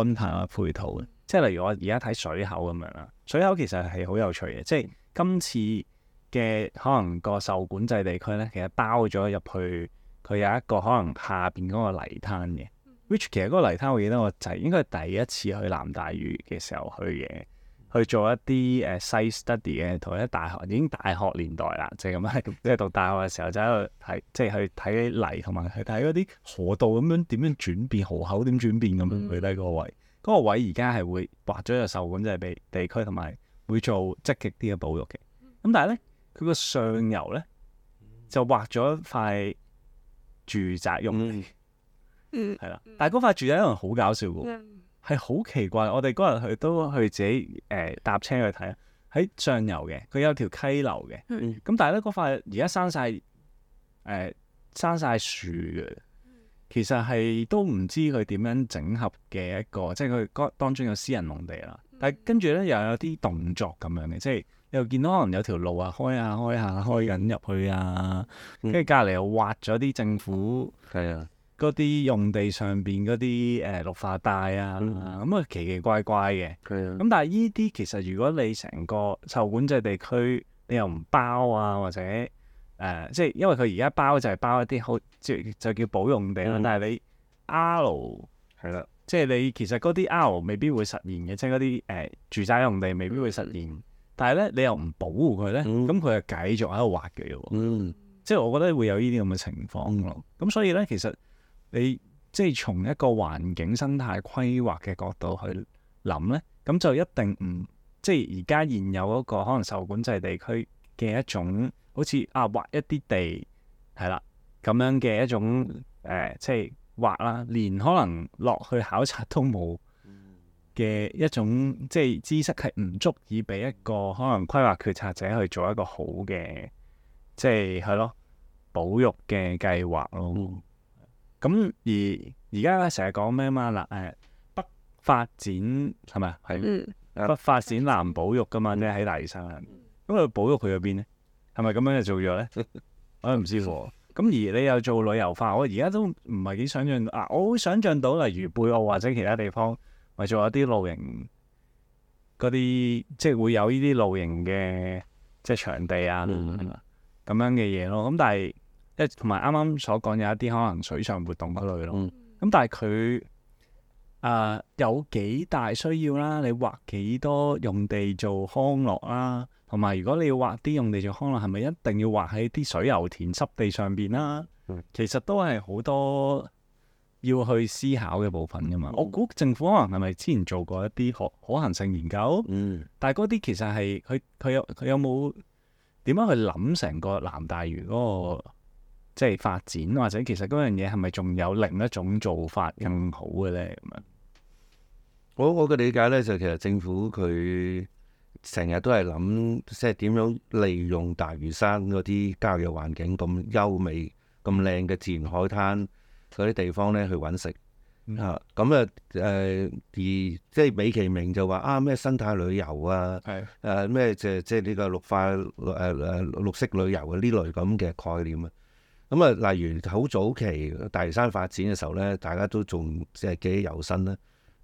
Speaker 1: 安排啊配套、嗯、即係例如我而家睇水口咁樣啦，水口其實係好有趣嘅，嗯、即係今次。嘅可能個受管制地區咧，其實包咗入去，佢有一個可能下邊嗰個泥灘嘅，which 其實嗰個泥灘我記得我就係應該第一次去南大嶼嘅時候去嘅，去做一啲誒細 study 嘅，同埋大學已經大學年代啦，就係咁啦，即 係讀大學嘅時候就喺度睇，即係去睇泥同埋去睇嗰啲河道咁樣點樣轉變，河口點轉變咁樣去睇嗰個位，嗰、mm hmm，個位而家係會劃咗入受管制地地區，同埋會做積極啲嘅保育嘅，咁、嗯、但係咧。佢個上游咧，就劃咗一塊住宅用地，係啦、嗯嗯。但係嗰塊住宅可能好搞笑喎，係好、嗯、奇怪。我哋嗰日去都去自己誒、呃、搭車去睇啊。喺上游嘅，佢有條溪流嘅，咁、嗯、但係咧嗰塊而家生晒、誒生晒樹嘅。其實係都唔知佢點樣整合嘅一個，即係佢嗰當中有私人農地啦。但係跟住咧又有啲動作咁樣嘅，即係。又見到可能有條路啊，開下、啊、開下、啊、開緊入去啊，跟住隔籬又挖咗啲政府係啊、嗯，嗰啲用地上邊嗰啲誒綠化帶啊，咁、嗯、啊、嗯、奇奇怪怪嘅。咁、嗯嗯、但係呢啲其實如果你成個受管制地區，你又唔包啊，或者誒、呃，即係因為佢而家包就係包一啲好即就叫保用地啦。嗯、但係你 R 係啦，即係你其實嗰啲 R 未必會實現嘅，即係嗰啲誒住宅用地未必會實現。嗯。但係咧，你又唔保護佢咧，咁佢就繼續喺度挖嘅喎。嗯，即係我覺得會有呢啲咁嘅情況咯。咁所以咧，其實你即係從一個環境生態規劃嘅角度去諗咧，咁就一定唔即係而家現有嗰個可能受管制地區嘅一種，好似啊挖一啲地係啦咁樣嘅一種誒、呃，即係挖啦，連可能落去考察都冇。嘅一種即係知識係唔足以俾一個可能規劃決策者去做一個好嘅即係係咯，保育嘅計劃咯。咁、嗯、而而家成日講咩啊嘛嗱誒北發展係咪啊？係北發、嗯、展南保育噶嘛？即喺、嗯、大嶼山，咁佢保育去咗邊咧？係咪咁樣就做咗咧？我都唔知喎。咁而你又做旅遊化，我而家都唔係幾想象啊，我會想像到例如貝澳或者其他地方。或做一啲露營嗰啲，即係會有呢啲露營嘅即係場地啊，咁、嗯、樣嘅嘢咯。咁但係一同埋啱啱所講有一啲可能水上活動嗰類咯。咁、嗯、但係佢誒有幾大需要啦？你劃幾多用地做康樂啦？同埋如果你要劃啲用地做康樂，係咪一定要劃喺啲水牛田濕地上邊啦？其實都係好多。要去思考嘅部分噶嘛。我估政府可能係咪之前做過一啲可可行性研究，嗯，但係嗰啲其實係佢佢有佢有冇點樣去諗成個南大嶼嗰個即係發展，或者其實嗰樣嘢，係咪仲有另一
Speaker 3: 種做法更好嘅咧？咁樣，嗯，我我嘅理解咧就其實政府佢成日都係諗，即係點樣利用大嶼山嗰啲郊野環境咁優美、咁靚嘅自然海灘。嗰啲地方咧去揾食嚇，咁啊誒而即係美其名就話啊咩生態旅遊啊，係誒咩即係即係呢個綠化誒誒綠，綠色旅遊啊呢類咁嘅概念啊，咁啊例如好早期大嶼山發展嘅時候咧，大家都仲即係記憶猶新啦，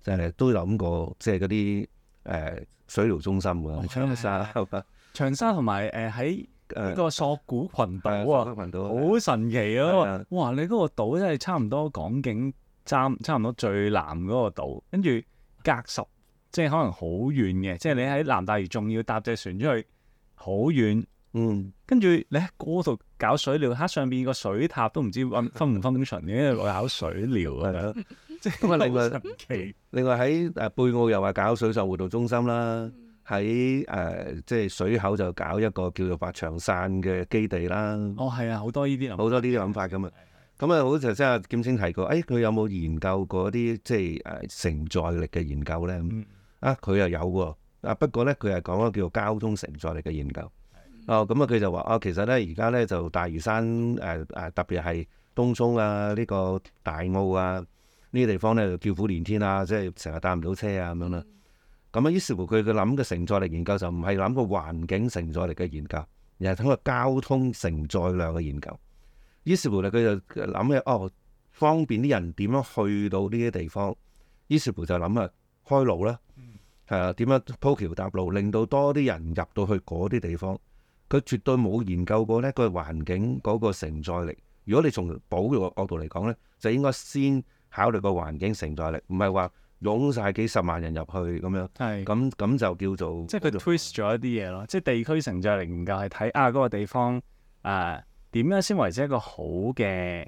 Speaker 3: 就係都諗過即係嗰啲誒水療中心啊，Okay. 長沙 長沙同埋誒喺。呃一個索
Speaker 1: 罟群島啊，好、啊、神奇啊！的哇，你嗰個島真係差唔多港景，差差唔多最南嗰個島，跟住隔十，即係可能好遠嘅，即係你喺南大嶼仲要搭隻船出去，好遠。嗯，跟住你喺嗰度搞水療，吓上邊個水塔都唔知溫分唔分溫泉嘅，因為搞水
Speaker 3: 療係咪啊？的 即係另外神奇，另外喺誒貝澳又話搞水上活動中心啦。喺誒、呃、即係水口就搞一個叫做白長山嘅基地啦。哦，係啊，好多呢啲啊，好多呢啲諗法咁啊。咁啊，好似頭先阿劍青提過，誒、哎、佢有冇研究過一啲即係誒承載力嘅研究咧？啊，佢又有喎。啊不過咧，佢係講一個叫做交通承載力嘅研究。哦，咁啊，佢就話啊，其實咧而家咧就大嶼山誒誒、呃，特別係東涌啊呢、呢個大澳啊呢啲地方咧叫苦連天啊，即係成日搭唔到車啊咁樣啦。咁啊，於是乎佢嘅諗嘅承載力研究就唔係諗個環境承載力嘅研究，而係通過交通承載量嘅研究。於是乎咧，佢就諗起，哦，方便啲人點樣去到呢啲地方？於是乎就諗啊，開路啦，係啊，點樣鋪橋搭路，令到多啲人入到去嗰啲地方。佢絕對冇研究過咧個環境嗰個承載力。如果你從保育角度嚟講咧，就應該先考慮個環境承載力，唔係話，湧晒幾十萬人入去咁樣，係咁，咁就叫做即係佢 twist 咗一啲嘢咯，即係地區承載力研究係睇啊嗰、那個地方
Speaker 1: 誒點、呃、樣先為之一個好嘅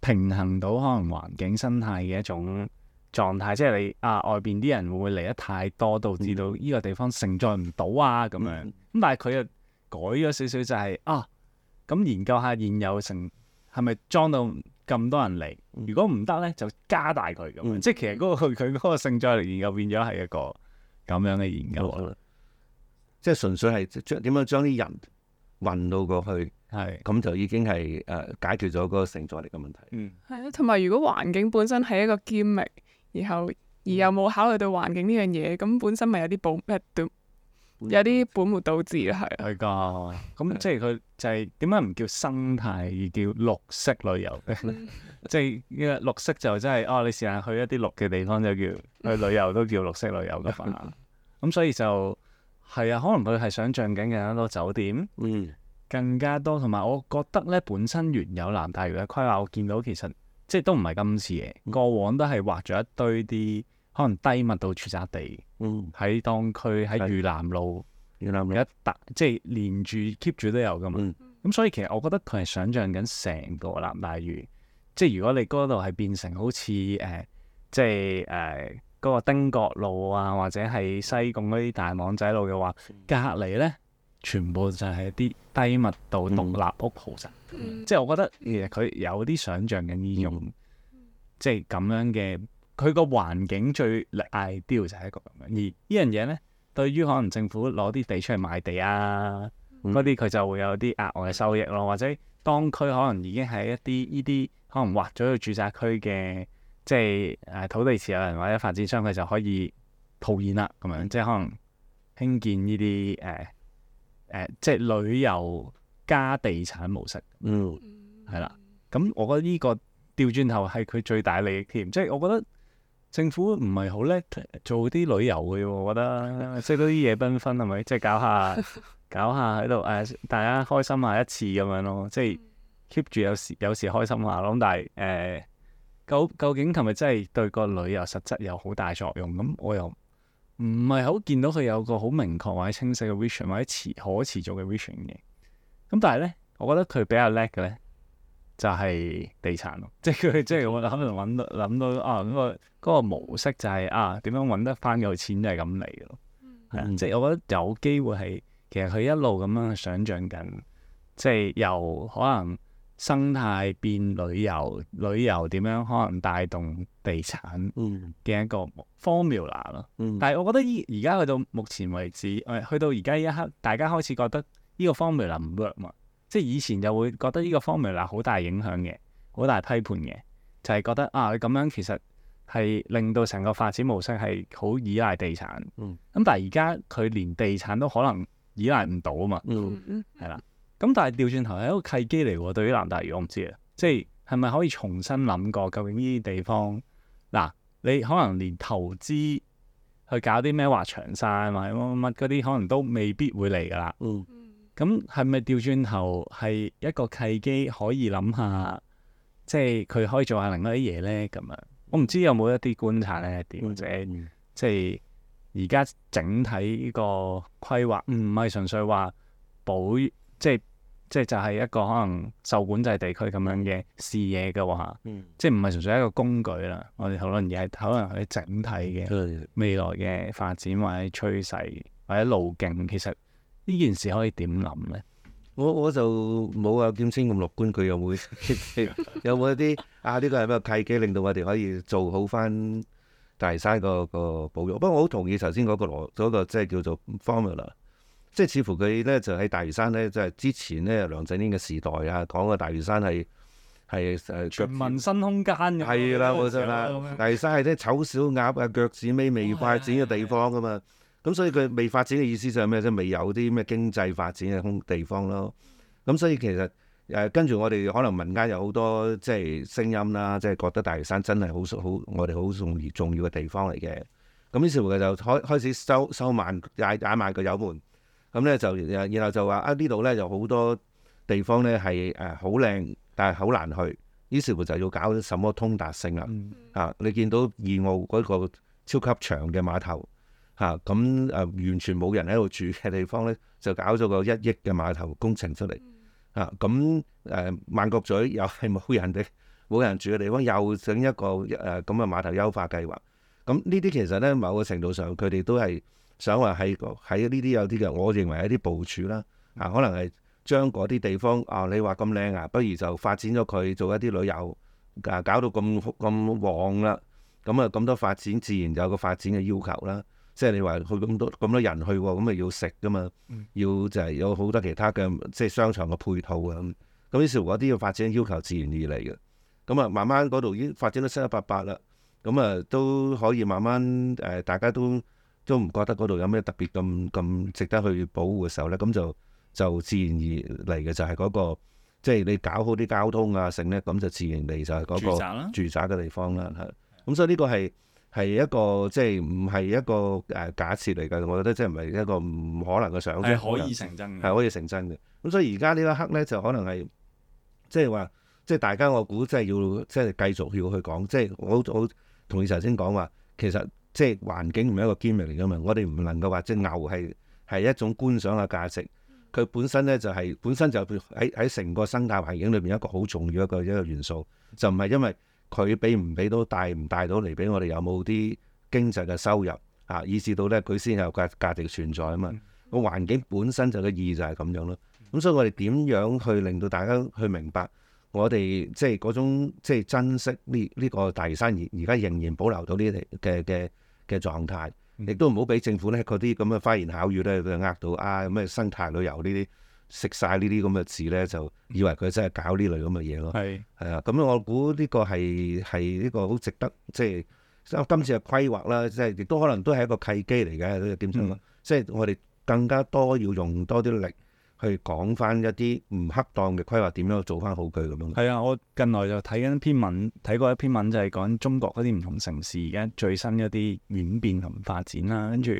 Speaker 1: 平衡到可能環境生態嘅一種狀態，即係你啊外邊啲人會唔會嚟得太多，導致到呢個地方承載唔到啊咁、嗯、樣咁，但係佢又改咗少少就係、是、啊咁研究下現有成係咪裝到。咁多人嚟，如果唔得咧，就加大佢咁，嗯、即係其實、嗰個佢嗰、嗯、個承載力研究變咗係一個咁
Speaker 3: 樣嘅研究啦。錯即係純粹係將點樣將啲人運到過去，係咁、嗯、就已經係誒、呃、解決咗嗰個承載力嘅問題。嗯，
Speaker 2: 係啊，同埋如果環境本身係一個 gimmick，然後而又冇考慮到環境呢樣嘢，咁、嗯、本身咪
Speaker 1: 有啲保咩點？都有啲本末倒置啊，係、那個。係噶、就是，咁即係佢就係點解唔叫生態而叫綠色旅遊嘅？即 係綠色就真、就、係、是、哦，你試下去一啲綠嘅地方就叫去旅遊都叫綠色旅遊嘅嘛。咁 所以就係啊，可能佢係想像緊嘅一多酒店，嗯，更加多。同埋我覺得咧，本身原有南大嶼嘅規劃，我見到其實即係都唔係今次嘅，過往都係畫咗一堆啲。可能低密度住宅地，喺當區喺裕南路，裕南路一笪即係連住 keep 住都有噶嘛。咁所以其實我覺得佢係想象緊成個南大嶼，即係如果你嗰度係變成好似誒，即係誒嗰個汀角路啊，或者係西貢嗰啲大網仔路嘅話，隔離咧全部就係啲低密度獨立屋豪宅。即係我覺得其實佢有啲想象緊呢種，即係咁樣嘅。佢個環境最，最，最 ideal 就係一個咁樣，而呢樣嘢咧，對於可能政府攞啲地出去賣地啊，嗰啲佢就會有啲額外嘅收益咯，或者當區可能已經係一啲呢啲可能劃咗去住宅區嘅，即係誒土地持有人或者發展商佢就可以套現啦，咁樣即係可能興建呢啲誒誒，即係旅遊加地產模式，嗯，係啦、嗯，咁、嗯嗯嗯、我覺得呢、呢個調轉頭係佢最大利益添，即係我覺得。政府唔係好叻做啲旅遊嘅喎，我覺得即係都啲夜繽紛係咪？即係搞下搞下喺度誒，大家開心下一次咁樣咯，即係 keep 住有時有時開心下咯。但係誒、呃，究究竟係咪真係對個旅遊實質有好大作用？咁我又唔係好見到佢有個好明確或者清晰嘅 vision 或者持可持續嘅 vision 嘅。咁但係咧，我覺得佢比較叻嘅咧。就係地產咯，即係佢即係可能揾到諗到啊，嗰、嗰個嗰個模式就係、是、啊，點樣揾得翻有錢就係咁嚟咯，即係我覺得有機會係其實佢一路咁樣想象緊，即係由可能生態變旅遊，旅遊點樣可能帶動地產嘅一個 formula 咯、嗯。嗯、但係我覺得依而家去到目前為止，嗯嗯、去到而家一刻，大家開始覺得呢個 formula 唔 work 嘛？即係以前就會覺得呢個方面嗱好大影響嘅，好大批判嘅，就係、是、覺得啊，你咁樣其實係令到成個發展模式係好依賴地產，嗯，咁但係而家佢連地產都可能依賴唔到啊嘛，嗯係啦，咁、嗯、但係調轉頭係一個契機嚟喎，對於南大嶼我唔知啊，即係係咪可以重新諗過究竟呢啲地方，嗱、啊，你可能連投資去搞啲咩畫長沙啊嘛乜乜乜嗰啲，可能都未必會嚟噶啦，嗯。咁係咪掉轉頭係一個契機，可以諗下，即係佢可以做下另一啲嘢呢？咁樣我唔知有冇一啲觀察呢？點，或者、嗯、即係而家整體呢個規劃，唔係純粹話保，即係即係就係一個可能受管制地區咁樣嘅視野嘅話、啊、嗯、即係唔係純粹一個工具啦。我哋可能而係可能佢整體嘅未來嘅發展或者趨
Speaker 3: 勢或者路徑，其實。呢件事可以點諗咧？我我就冇阿劍青咁樂觀，佢有冇有冇 一啲啊？呢、這個係咩契機令到我哋可以做好翻大嶼山個個保育？不過我好同意頭先嗰個羅嗰個即係叫做 formula，即係似乎佢咧就喺大嶼山咧就係之前咧梁振英嘅時代啊，講個大嶼山係係誒全民新空間嘅，係啦，冇錯啦。 大嶼山係啲醜小鴨啊腳趾尾未發展嘅地方噶嘛。咁所以佢未發展嘅意思就係咩啫？即未有啲咩經濟發展嘅空地方咯。咁所以其實誒、呃、跟住我哋可能民間有好多即係聲音啦，即係覺得大嶼山真係好好我哋好重重要嘅地方嚟嘅。咁、嗯、於是乎佢就開開始收收慢踩踩埋個油門，咁、嗯、咧就然後就話啊呢度咧就好多地方咧係誒好靚，但係好難去。於是乎就要搞什麼通達性啦、啊。啊，你見到二澳嗰個超級長嘅碼頭。啊，咁誒完全冇人喺度住嘅地方咧，就搞咗個一億嘅碼頭工程出嚟。啊，咁、啊、誒萬國咀又係冇人嘅，冇人住嘅地方，又整一個誒咁嘅碼頭優化計劃。咁呢啲其實咧，某個程度上，佢哋都係想話係喺呢啲有啲嘅，我認為一啲部署啦。啊，可能係將嗰啲地方啊，你話咁靚啊，不如就發展咗佢做一啲旅遊，啊搞到咁咁旺啦，咁啊咁多發展，自然有個發展嘅要求啦。即係你話去咁多咁多人去喎、哦，咁咪要食㗎嘛？嗯、要就係有好多其他嘅，即係商場嘅配套啊咁。咁於是乎嗰啲要發展要求自然而嚟嘅。咁啊，慢慢嗰度已經發展得七七八八啦。咁啊，都可以慢慢誒、呃，大家都都唔覺得嗰度有咩特別咁咁值得去保護嘅時候咧，咁就就自然而嚟嘅就係、係、嗰、嗰個，即、就、係、係、你搞好啲交通啊，成咧，咁就自然地就係嗰個住宅嘅地方啦。係。咁所以呢個係。係一個即係唔係一個誒假設嚟嘅。我覺得即係唔係一個唔可能嘅想，係可以成真，係可以成真嘅。咁所以而家呢一刻咧，就可能係即係話，即係大家我估即係要即係繼續要去講，即係我我同意頭先講話，其實即係環境唔係一個 g 明嚟㗎嘛，我哋唔能夠話即係牛係係一種觀賞嘅價值，佢本身咧就係、是、本身就喺喺成個生態環境裏邊一個好重要一個一個元素，就唔係因為。佢俾唔俾到，給給都帶唔帶到嚟俾我哋，有冇啲經濟嘅收入啊？以致到咧，佢先有價價值存在啊嘛。個、嗯、環境本身就嘅意義就係咁樣咯。咁、嗯嗯嗯、所以我哋點樣去令到大家去明白我，我哋即係嗰種即係珍惜呢、這、呢個大山而而家仍然保留到呢啲嘅嘅嘅狀態，亦、嗯、都唔好俾政府咧嗰啲咁嘅花言巧語咧，佢呃到啊咩生態旅遊呢啲。食晒呢啲咁嘅字咧，就以為佢真係搞呢類咁嘅嘢咯。係是，係啊，咁我估呢個係係呢個好值得，即係今次嘅規劃啦，即係亦都可能都係一個契機嚟嘅。點樣、嗯？即係我哋更加多要用多啲力去講翻一啲唔恰當嘅規劃點樣做翻好佢咁樣。
Speaker 1: 係啊，我近來就睇緊篇文，睇過一篇文就係講中國嗰啲唔同城市而家最新一啲演變同發展啦，跟住。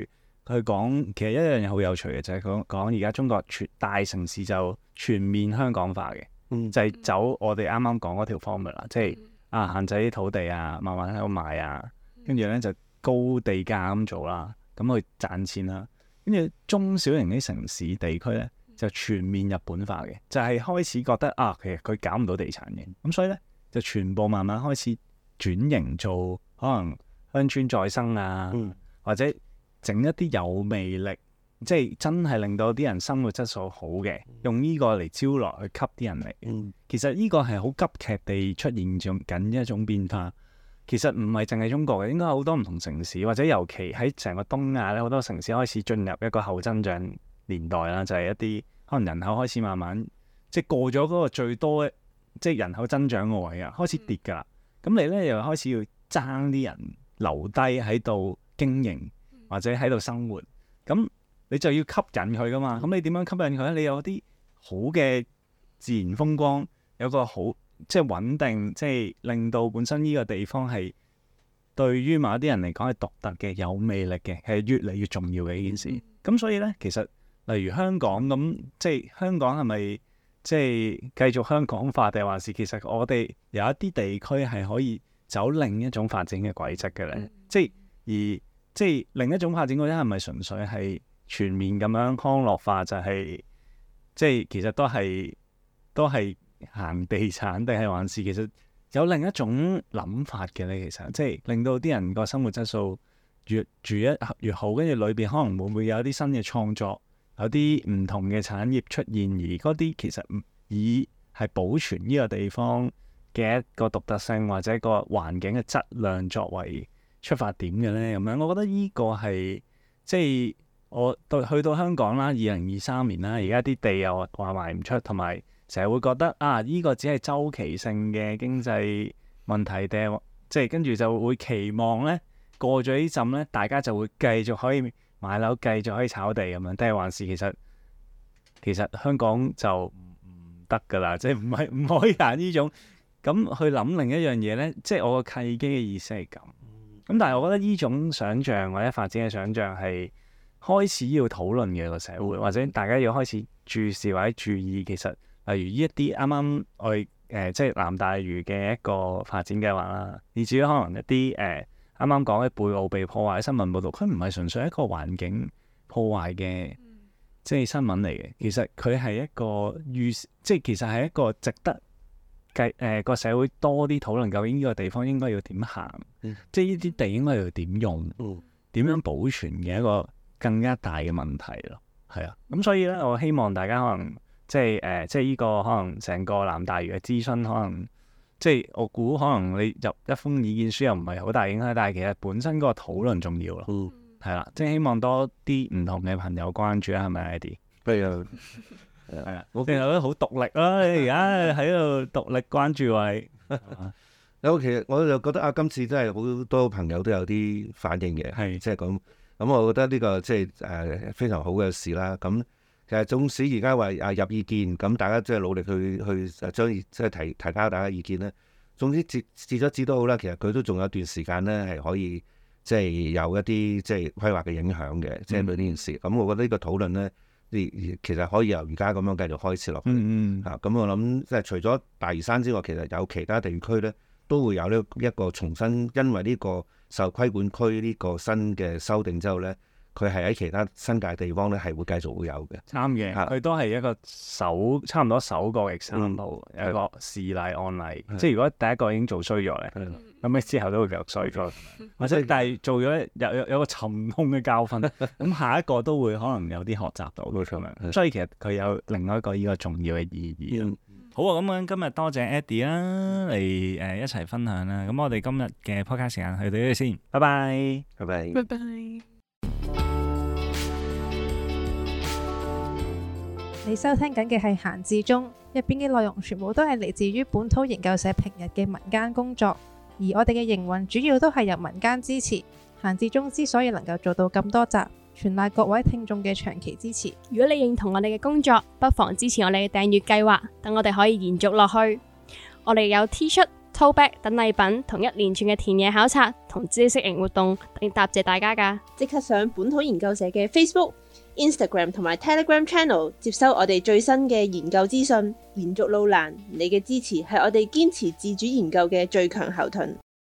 Speaker 1: 佢講其實一樣嘢好有趣嘅，就係講講而家中國全大城市就全面香港化嘅，嗯、就係走我哋啱啱講嗰條 formula 啦，即係是、嗯、啊限制啲土地啊，慢慢喺度賣啊，跟住、嗯、呢就高地價咁做啦、啊，咁去賺錢啦、啊。跟住中小型啲城市地區呢，嗯、就全面日本化嘅，就係、是、開始覺得啊，其實佢搞唔到地產嘅，咁所以呢，就全部慢慢開始轉型做可能鄉村再生啊，嗯、或者。整一啲有魅力，即係真係令到啲人生活質素好嘅，用呢個嚟招來去吸啲人嚟。其實呢個係好急劇地出現咗，緊一種變化。其實唔係淨係中國嘅，應該好多唔同城市，或者尤其喺成個東亞咧，好多城市開始進入一個後增長年代啦。就係、是、一啲可能人口開始慢慢即係過咗嗰個最多即係人口增長嘅位啊，開始跌噶啦，咁、嗯、你咧又開始要爭啲人留低喺度經營。或者喺度生活，咁你就要吸引佢噶嘛？咁你點樣吸引佢呢？你有啲好嘅自然風光，有個好即係穩定，即係令到本身呢個地方係對於某一啲人嚟講係獨特嘅、有魅力嘅，係越嚟越重要嘅一件事。咁、嗯、所以呢，其實例如香港咁，即係香港係咪即係繼續香港化，定話，是其實我哋有一啲地區係可以走另一種發展嘅軌跡嘅呢？嗯、即係而。即係另一種發展嗰啲係咪純粹係全面咁樣康樂化？就係、是、即係其實都係都係行地產定係還是，還是其實有另一種諗法嘅呢？其實即係令到啲人個生活質素越住一越好，跟住裏邊可能會唔會有啲新嘅創作，有啲唔同嘅產業出現，而嗰啲其實以係保存呢個地方嘅一個獨特性或者個環境嘅質量作為出發點嘅呢？咁樣，我覺得呢個係即係我到去到香港啦，二零二三年啦，而家啲地又話賣唔出，同埋成日會覺得啊，呢、呢個只係周期性嘅經濟問題定即係跟住就會期望呢，過咗呢陣呢，大家就會繼續可以買樓，繼續可以炒地咁樣，但係還是其實其實香港就唔得噶啦，即係唔係唔可以行呢種咁去諗另一樣嘢呢？即係我嘅契機嘅意思係咁。咁但係我覺得呢種想象或者發展嘅想象係開始要討論嘅個社會或者大家要開始注視或者注意。其實例如呢一啲啱啱我哋誒、呃、即係南大嶼嘅一個發展計劃啦，以至於可能一啲誒啱啱講嘅貝澳被破壞嘅新聞報道，佢唔係純粹一個環境破壞嘅即係新聞嚟嘅，其實佢係一個預，即係其實係一個值得。計誒個社會多啲討論，究竟呢個地方應該要點行，嗯、即係呢啲地應該要點用，點、嗯、樣保存嘅一個更加大嘅問題咯。係啊，咁所以咧，我希望大家可能即係誒，即係呢、呃呢個可能成個南大嶼嘅諮詢，可能即係我估可能你入一封意見書又唔係好大影響，但係其實本身個討論重要咯。嗯，係啦、啊，即係希望多啲唔同嘅朋友關注係咪，Eddie？係啊。是 係啊的，我其實都好獨立咯，
Speaker 3: 而家喺度獨立關注位。有 其實我就覺得啊，今次真係好多朋友都有啲反應嘅，係即係咁。咁我覺得呢、這個即係誒非常好嘅事啦。咁、嗯、其實縱使而家話啊入意見，咁大家即係努力去去將、啊、即係提提交大家意見咧。總之截截咗止都好啦。其實佢都仲有一段時間咧係可以即係、就是、有一啲即係規劃嘅影響嘅，即針對呢件事。咁、嗯嗯嗯、我覺得個討論，呢個討論咧。啲其實可以由而家咁樣繼續開始落去，嚇咁、嗯嗯嗯、我諗即係除咗大嶼山之外，其實有其他地區咧都會有呢一個重新，因為呢個受規管區呢個新嘅修訂之後咧。佢係喺其他新界地方咧，係會繼續會有嘅。啱嘅，佢都係一個首差唔多首
Speaker 1: 個嘅 example，一個示例案例。即係如果第一個已經做衰咗咧，咁你之後都會繼續衰咗，或者但係做咗有有有個沉痛嘅教訓。咁下一個都會可能有啲學習到嘅，所以其實佢有另外一個呢個重要嘅意義。好啊，咁樣今日多謝 Eddie 啊，你嚟誒一齊分享啦。咁我哋今日嘅 podcast 時間去到呢度先，拜拜，拜拜，拜
Speaker 2: 拜。你收聽緊嘅係《閒置中》，入邊嘅內容全部都係嚟自於本土研究社平日嘅民間工作，而我哋嘅營運主要都係由民間支持。《閒置中》之所以能夠做到咁多集，全賴各位聽眾嘅長期支持。如果你認同我哋嘅工作，不妨支持我哋嘅訂閱計劃，等我哋可以延續落去。我哋有 T 恤。抽 back 等禮品同一連串嘅田野考察同知識型活動，亦答謝大家㗎。即刻上本土研究社嘅 Facebook、Instagram 同埋 Telegram Channel 接收我哋最新嘅研究資訊。延續路難，你嘅支持係我哋堅持自主研究嘅最強後盾。